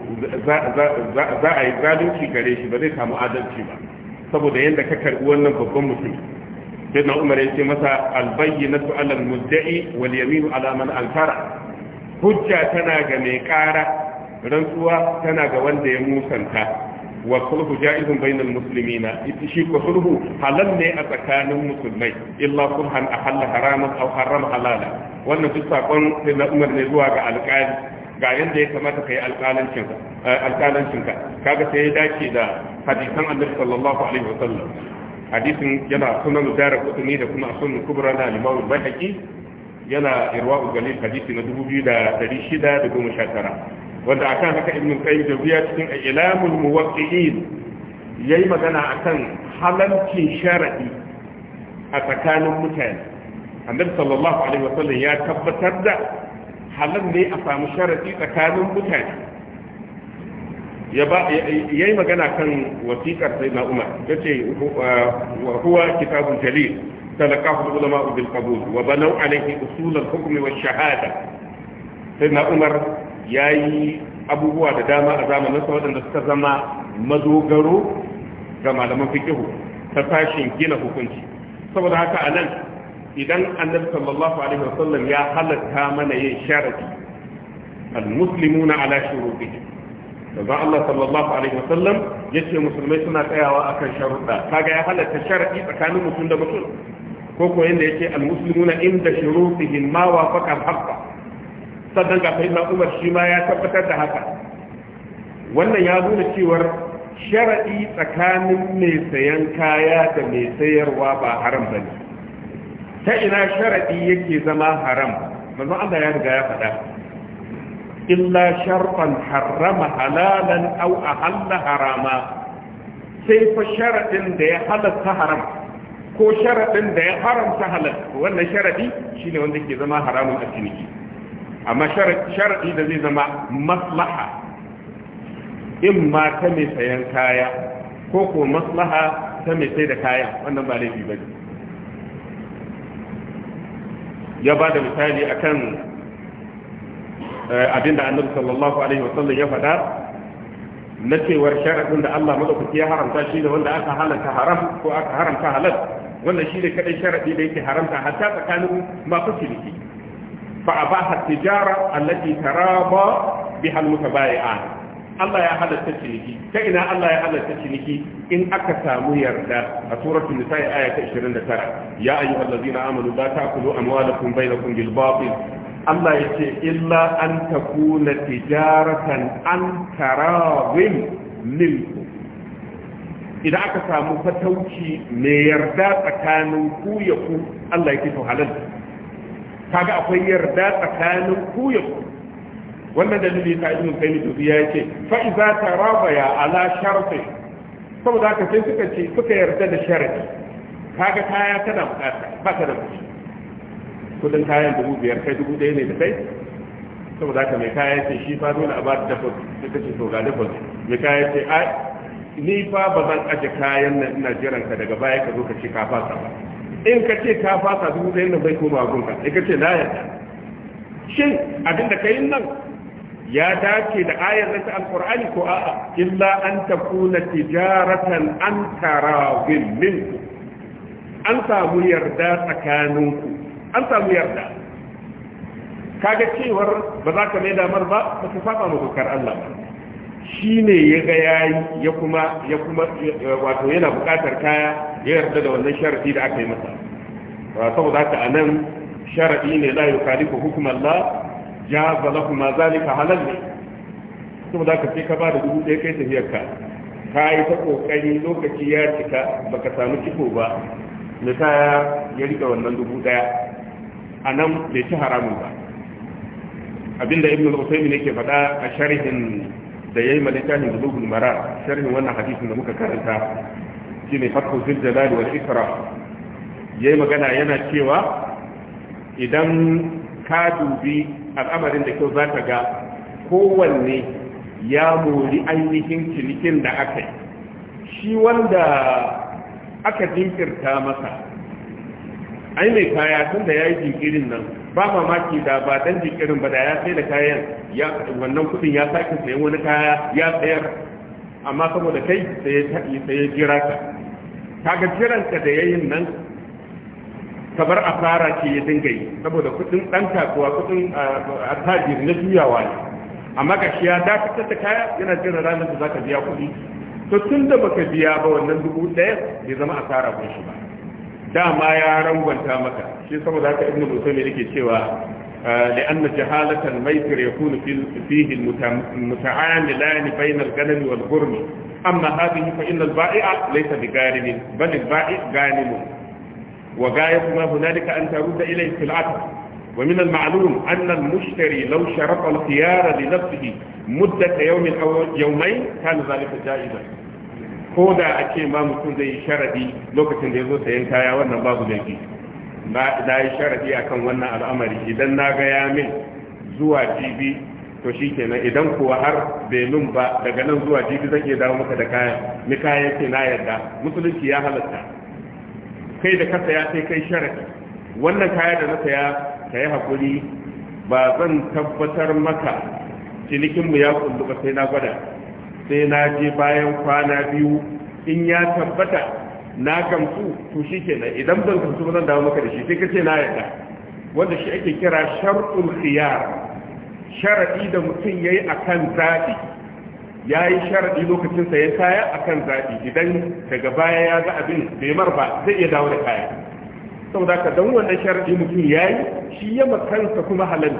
za a yi zalunci gare shi ba zai samu adalci ba saboda yadda ka karɓi wannan babban mutum sai na umar ya ce masa albayyinatu alal mudda'i wal yaminu ala man hujja tana ga mai ƙara rantsuwa tana ga wanda ya musanta wa sulhu ja'izun bainal muslimina shi ko sulhu halal ne a tsakanin musulmai illa sulhan ahalla haraman aw harrama halala wannan duk sakon sai na umar ne zuwa ga alƙali ga yanda ya kamata ka yi alƙalancinka eh, ka kaga sai ya dace da hadisan Annabi sallallahu alaihi wasallam hadisin yana sunan Daraqutni da kuma sunan Kubra da Imam al yana irwa'u galil hadisi na 2619 wanda akan haka Ibn Qayyim Jawiya cikin Ilamul Muwaqqi'in yayi magana akan halalcin sharadi a tsakanin mutane annabi sallallahu alaihi wasallam ya tabbatar da halal ne a samu sharaɗi tsakanin mutane ya ba yayi magana kan wasiƙar sai na umar ya ce wa huwa kitabun jalil talaqahu ulama bil qabul wa banaw alayhi usul al hukm wa shahada sai na umar yayi abubuwa da dama a zamanin sa waɗanda suka zama madogaro ga malaman fiqh ta fashin gina hukunci saboda haka anan idan annabi sallallahu alaihi wasallam ya halatta mana yin sharadi almuslimuna ala shurutihim daga Allah sallallahu alaihi wasallam yace musulmai suna tsayawa akan sharuɗa kaga ya halatta sharadi tsakanin mutum da mutum ko ko yanda yake almuslimuna inda shurutihim ma wafaqa alhaqqa sannan ga sayyidina Umar shi ma ya tabbatar da haka wannan ya nuna cewar sharadi tsakanin mai sayan kaya da mai sayarwa ba haram bane ta ina sharadi yake zama haram manzon Allah ya riga ya faɗa illa sharfan harrama halalan aw ahalla harama sai fa sharadin da ya halatta haram ko sharadin da ya haramta halal wannan sharadi shine wanda ke zama haramun a ciniki amma sharadi da zai zama maslaha in ma ta mai sayan kaya ko ko maslaha ta mai sai da kaya. wannan ba laifi ba ne ya ba da misali akan eh, abinda annabi sallallahu alaihi wasallam ya faɗa na cewar sharaɗin da Allah madaukaki ya haramta shi da wanda aka halanta haram ko aka haramta halal wannan shi ne kaɗai sharaɗi da yake haramta hatta tsakanin masu ciniki fa abaha tijara allati taraba biha al Allah ya halatta ciniki ta ina Allah ya halatta ciniki in aka samu yarda a suratul nisa aya ta 29 ya ayyuhallazina amanu la ta'kulu amwalakum bainakum bil batil Allah yace illa an takuna tijaratan an tarawin minkum idan aka samu fatauci mai yarda tsakanin ku ya ku Allah yake to halal kaga akwai yarda tsakanin ku ya ku wannan dalili ta ibn qayyim tufi ya ce fa idza ya ala sharfi saboda haka sai suka ce suka yarda da sharadi kaga kaya tana bukata ba ta da kuɗi kudin kayan dubu biyar kai dubu ɗaya ne da kai saboda haka mai kaya ce shi fa dole a ba da dafa sai ta ce to ga dafa mai kaya ce ai ni fa ba zan aje kayan nan ina jiran ka daga baya ka zo ka ce ka fasa ba in ka ce ka fasa dubu ɗaya nan bai koma gunka in ka ce na yarda shin abinda da ka yi nan ya dace da ayar da ta alqur'ani ko a'a illa an takuna tijaratan an tarawin minku an samu yarda tsakaninku an samu yarda kaga cewar ba za ka mai damar ba ba ka saba ma dokar Allah shi ne ya ga yayi ya kuma ya kuma wato yana bukatar kaya ya yarda da wannan sharadi da aka yi masa saboda haka anan sharadi ne la yukhalifu hukm Allah Ya lahum ma zalika halal ne da ka ce ka ba da dubu ɗaya kai tafiyarka. ka ka yi ta kokari lokaci ya cika ba ka samu ciko ba na kaya ya riƙe wannan dubu ɗaya a nan bai ci haramun ba abinda ibn al ne ke faɗa a sharhin da yayi malikahin zulubul marar sharhin wannan hadisin da muka karanta shine fathu fil jalal wal ikra yayi magana yana cewa idan ka dubi al'amarin da kyau za ka ga kowanne ya mori ainihin cinikin da aka yi shi wanda aka jinkirta masa ai mai kaya tun da ya yi jinkirin nan ba mamaki da ba dan jinkirin ba da ya sai da kayan wannan kudin ya sake sayan wani kaya ya tsayar amma saboda kai sai ya jira ka kaga jiranka da yayin nan kamar asara ce ya dinga yi saboda kudin dan kasuwa kudin attajiri na juyawa ne amma shi ya dakatar ta kaya yana jira ranar da zaka biya kudi to tun da baka biya ba wannan dubu ɗaya bai zama asara kun shi ba dama ya rangwanta maka shi saboda haka ibnu musaimi yake cewa لأن جهالة الميسر يكون فيه amma بين الغنم والغرم أما هذه فإن البائع ليس بغانم بل البائع غانم وغاية ما هنالك أن ترد إليه سلعته ومن المعلوم أن المشتري لو شرط الخيار لنفسه مدة يوم أو يومين كان ذلك جائزا كودا أكي ما مكون زي شرطي لوكة يزو سينكايا وانا باب لكي لا شرطي أكن وانا الأمر إذا ناغيا من زوا جيبي to shi kenan idan kuwa har benin ba daga nan zuwa jibi zan iya dawo maka da kayan ni kayan ce na yarda musulunci ya halatta kai da ka saya sai kai sharadi wannan kaya da na saya ka yi haƙuri ba zan tabbatar maka cinikinmu ya kunduka sai na gwada sai na je bayan kwana biyu in ya tabbata na gamsu to shi kenan idan ban gamsu ba zan dawo maka da shi sai ka ce na yarda wanda shi ake kira shar'ul khiyar sharadi da mutum yayi akan zabi ya yi sharaɗi lokacin ya ya kaya akan zaɓi idan daga baya ya ga abin bai mar ba zai iya dawo da kaya da ka dan wannan sharaɗi mutum ya yi shi ya makansa kuma halal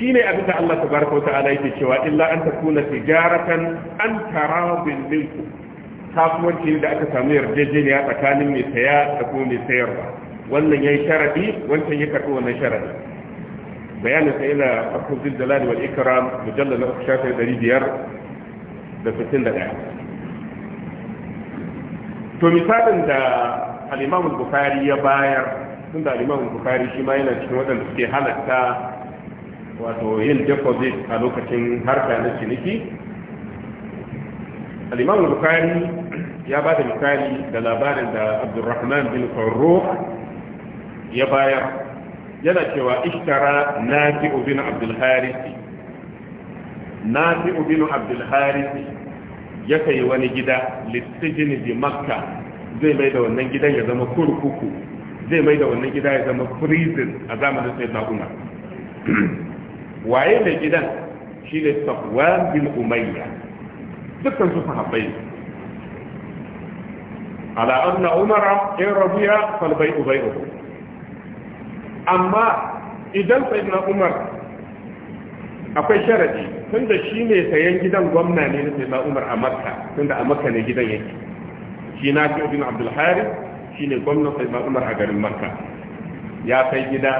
shi ne abin da Allah bar wa ta'ala yake cewa illa an takuna tijaratan an tarabin minkum kasuwanci da aka samu yarjejeniya tsakanin mai saya da kuma mai sayarwa wannan ya yi sharaɗi wancan ya karɓi wannan sharaɗi bayanin sa yana akwai jalali wal ikram mujallar na uku shafin ɗari biyar da sittin to misalin da al'imamun bukari ya bayar tun da al'imamun bukari shi ma yana cikin waɗanda suke halatta wato yin deposit a lokacin harka na ciniki al'imamun bukari ya ba da misali da labarin da abdurrahman bin farro ya bayar yana cewa ishtara na fi obin abdulharisi nafi'u bin abdul harith ya kai wani gida littijin di makka zai mai da wannan gidan ya zama kurkuku zai mai da wannan gida ya zama prison a zamanin sai na umar waye mai gidan shi ne safwan bin umayya dukkan su sahabbai على أن عمر إن رضي فالبيع بيعه amma idan sayyidina umar akwai sharadi Tunda shi ne sayan gidan gwamna ne na sai umar a makka tunda a makka ne gidan yake shi na fi ibn Abdulhari shi ne gwamna sai umar a garin makka ya kai gida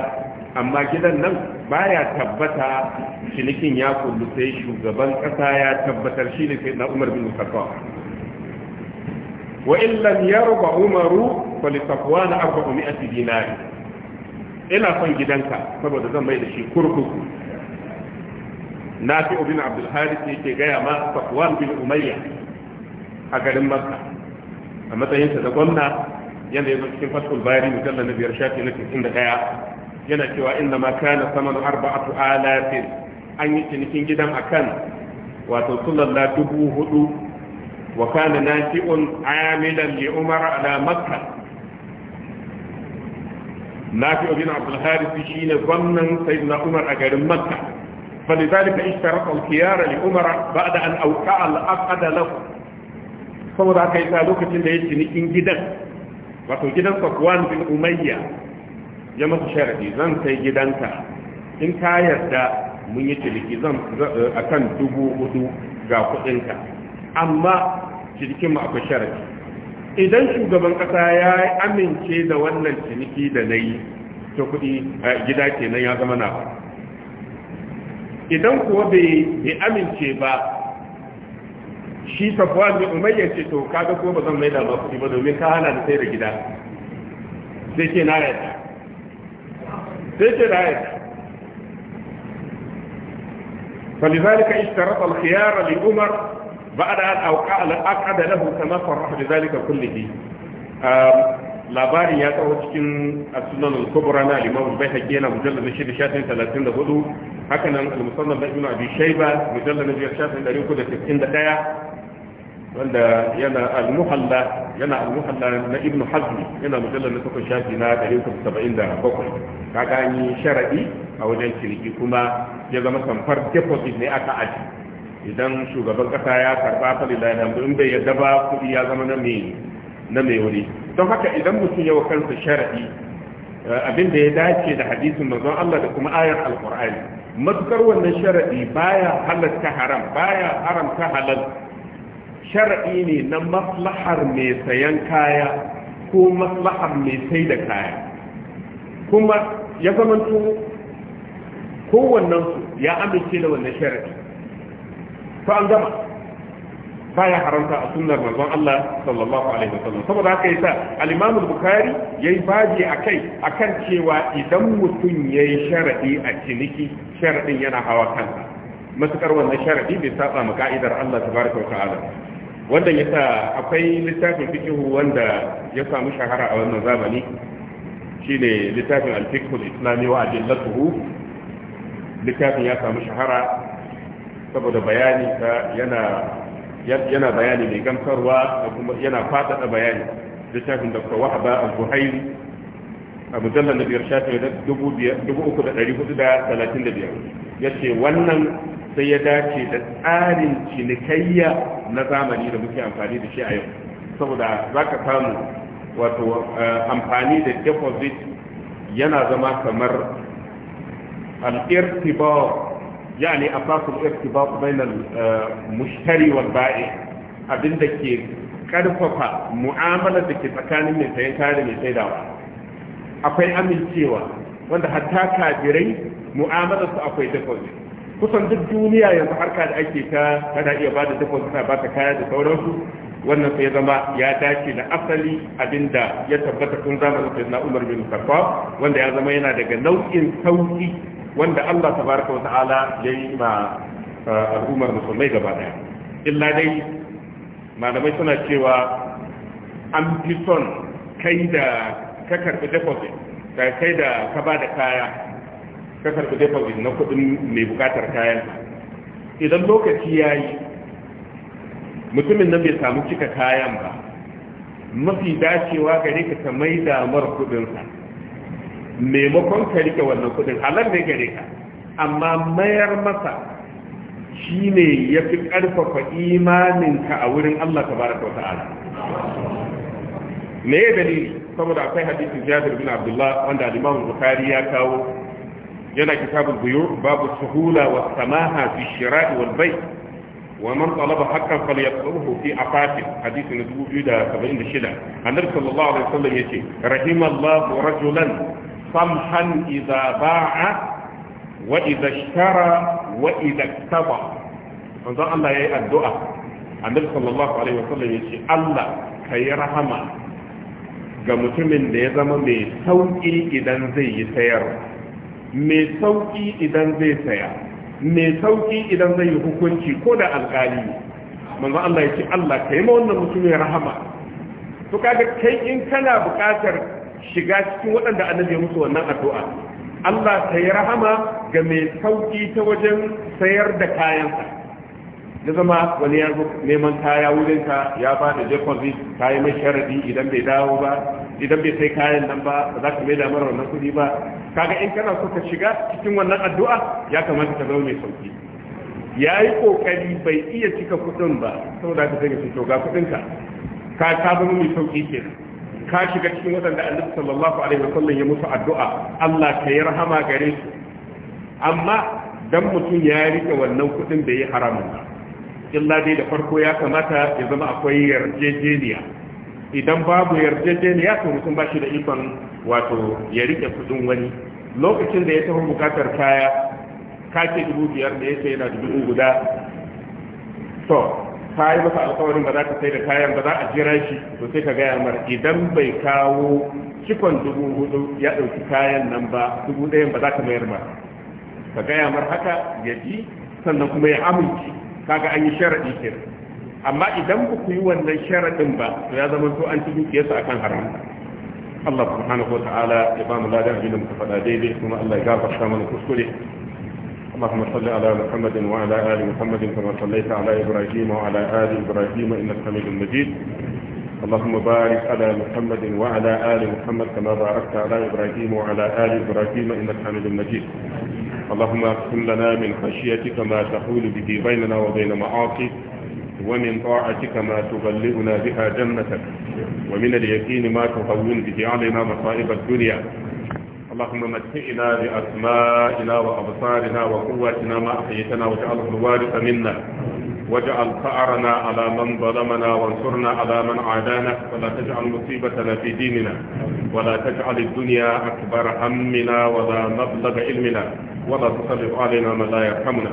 amma gidan nan baya tabbata cinikin ya kullu sai shugaban kasa ya tabbatar shi ne sai umar bin khattab wa in lam yarba umaru fa na safwan 400 dinar ina son gidanka saboda zan mai da shi kurkuku nafi bin abdul harith yake gaya ma safwan bin umayya a garin makka a matsayin sa da gwamna yana yanzu cikin fatul bari mujalla na biyar shafi na cikin da daya yana cewa inda ma kana samanu arba'atu alafin an yi cinikin gidan akan wato sulalla dubu hudu wa kana nafi'un amilan li umar ala makka nafi bin abdul harith shine gwamnan sayyidina umar a garin makka فلذلك اشترط الخيار لعمر da أن a العقد له saboda haka yasa lokacin da ya cinikin gidan wato gidan Safwan bin Umayya ya masa sharadi zan kai gidanka in ka yarda mun yi ciniki zan akan dubu hudu ga kudinka amma cinikin mu akwai sharadi idan shugaban ƙasa ya amince da wannan ciniki da nayi to kudi gida kenan ya zama nawa idan kuwa bai amince ba shi safuwa bin umayya ce to kaga kuma ba zan maida ma kuɗi ba domin ka hana da sai da gida sai ce na yadda sai ce na yadda فلذلك اشترط الخيار لعمر بعد أن أوقع الأقعد له كما صرح بذلك كله labarin ya kawo cikin asunan al-kubra na al-imam al-baihaqi yana mujallad talatin da shafin 34 haka nan al-musannaf da ibn abi shayba mujallad shi da shafin 391 wanda yana al-muhalla yana al-muhalla na ibn hazm yana mujallad na takwas shafi na 377 bakwai. Ka gani sharadi a wajen ciniki kuma ya zama tamfar deposit ne aka aji idan shugaban kasa ya karba fa lillahi in bai yadda ba kudi ya zama na mai na mai wuri don haka idan mutum ya wa kansa sharadi eh, abin da ya dace da hadisin manzon Allah da kuma ayar alkur'ani matukar wannan sharadi baya halatta haram baya haramta halal sharadi ne na maslahar mai sayan kaya ko maslahar mai sai da kaya kuma ya zamanto kowannen su ya amince da wannan sharadi to an gama baya haramta a sunnar manzon Allah sallallahu alaihi wasallam saboda haka yasa al-Imam al-Bukhari yayi baji akai akan cewa idan mutum yayi sharadi a ciniki sharadin yana hawa kansa matukar wannan sharadi bai saba ma ka'idar Allah tabaraka wa ta'ala wanda yasa akwai littafin fiqh wanda ya samu shahara a wannan zamani shine littafin al-fiqh al-islami wa adillatuhu littafin ya samu shahara saboda bayani yana yana bayani mai gamsarwa yana faɗaɗa bayani littafin da kuwa wahaba al-buhairi a mujallar na biyar shafi da dubu uku da ɗari hudu da talatin da biyar ya ce wannan sai ya dace da tsarin cinikayya na zamani da muke amfani da shi a yau saboda za ka samu wato eh, amfani da deposit yana zama kamar al-irtibar yani asasul irtibaq bainal mushtari wal ba'i abinda ke karfafa mu'amala da ke tsakanin mai sayan kaya da mai saidawa akwai amincewa wanda hatta kabirai mu'amalar su akwai deposit kusan duk duniya yanzu harka da ake ta kana iya bada deposit na baka kaya da sauransu wannan sai zama ya dace da asali abinda ya tabbata tun zamanin sayyidina Umar bin Khattab wanda ya zama yana daga nau'in sauki wanda Allah tabaraka wa ta'ala ya yi ma uh, al'ummar musulmai gaba daya illa dai malamai suna cewa an fi son kai da ka karbi deposit da kai da ka ba da kaya ka karbi deposit na kuɗin mai bukatar kayan idan lokaci ya yi mutumin nan bai samu cika kayan ba mafi dacewa gare ka mai damar kudinsa maimakon ka rike wannan kudin halar ne gare ka amma mayar masa shi ne ya fi ƙarfafa imaninka a wurin Allah ta bara wa ta'ala me ya dalili saboda akwai hadisin jabir bin abdullah wanda limamin imam bukhari ya kawo yana kitabul buyur babu suhula wa samaha fi shira'i wal wa man talaba haqqan falyaqulhu fi afatin hadisi na 2076 annabi sallallahu alaihi wasallam yace rahimallahu rajulan samhan idza ba'a wa idza ishtara wa idza iktaba manzo Allah yayi addu'a annabi sallallahu alaihi wasallam yace Allah kai rahama ga mutumin da ya zama mai sauƙi idan zai yi sayar mai sauƙi idan zai saya mai sauki idan zai yi hukunci ko da alƙali manzo Allah ya ce Allah kai ma wannan mutumin rahama to kaga kai in kana buƙatar shiga cikin waɗanda annabi ya musu wannan addu'a Allah ta yi rahama ga mai sauki ta wajen sayar da kayansa ya zama wani ya neman kaya wurinka ya ba da jekozi ta yi mai sharadi idan bai dawo ba idan bai sai kayan nan ba ba za ka mai damar wannan kuɗi ba kaga in kana so ka shiga cikin wannan addu'a ya kamata ka zama mai sauki ya yi kokari bai iya cika kuɗin ba saboda ka sai ka fito ga kuɗinka ka ka zama mai sauki ke. ka shiga cikin waɗanda annabi sallallahu alaihi sallam ya musu addu'a Allah ka yi rahama gare su amma dan mutum ya rike wannan kuɗin bai yi haramun ba illa dai da farko ya kamata ya zama akwai yarjejeniya idan babu yarjejeniya to mutum ba shi da ikon wato ya rike kudin wani lokacin da ya taho bukatar kaya kake dubu biyar da ya sai yana dubu guda to ta yi masa alkawarin ba za ka sai da kayan ba za a jira shi to sai ka gaya mar idan bai kawo cikon dubu hudu ya ɗauki kayan nan ba dubu ɗayan ba za ka mayar ba ka gaya mar haka ya ji sannan kuma ya amince kaga an yi sharaɗi kenan amma idan ku yi wannan sharadin ba to ya zama to an cikin kiyasa akan haram Allah subhanahu wa ta'ala ya ba mu ladan ilimin da fada daidai kuma Allah ya gafarta mana kuskure اللهم صل على محمد وعلى آل محمد كما صليت على إبراهيم وعلى آل إبراهيم إنك حميد مجيد اللهم بارك على محمد وعلى آل محمد كما باركت على إبراهيم وعلى آل إبراهيم إنك حميد مجيد اللهم اقسم لنا من خشيتك ما تحول به بيننا وبين معاصيك ومن طاعتك ما تبلغنا بها جنتك ومن اليقين ما تهون به علينا مصائب الدنيا اللهم متئنا بأسمائنا وأبصارنا وقواتنا ما أحيتنا واجعله الوارث منا واجعل ثأرنا على من ظلمنا وانصرنا على من عادانا ولا تجعل مصيبتنا في ديننا ولا تجعل الدنيا أكبر همنا ولا مبلغ علمنا ولا تسلط علينا من لا يرحمنا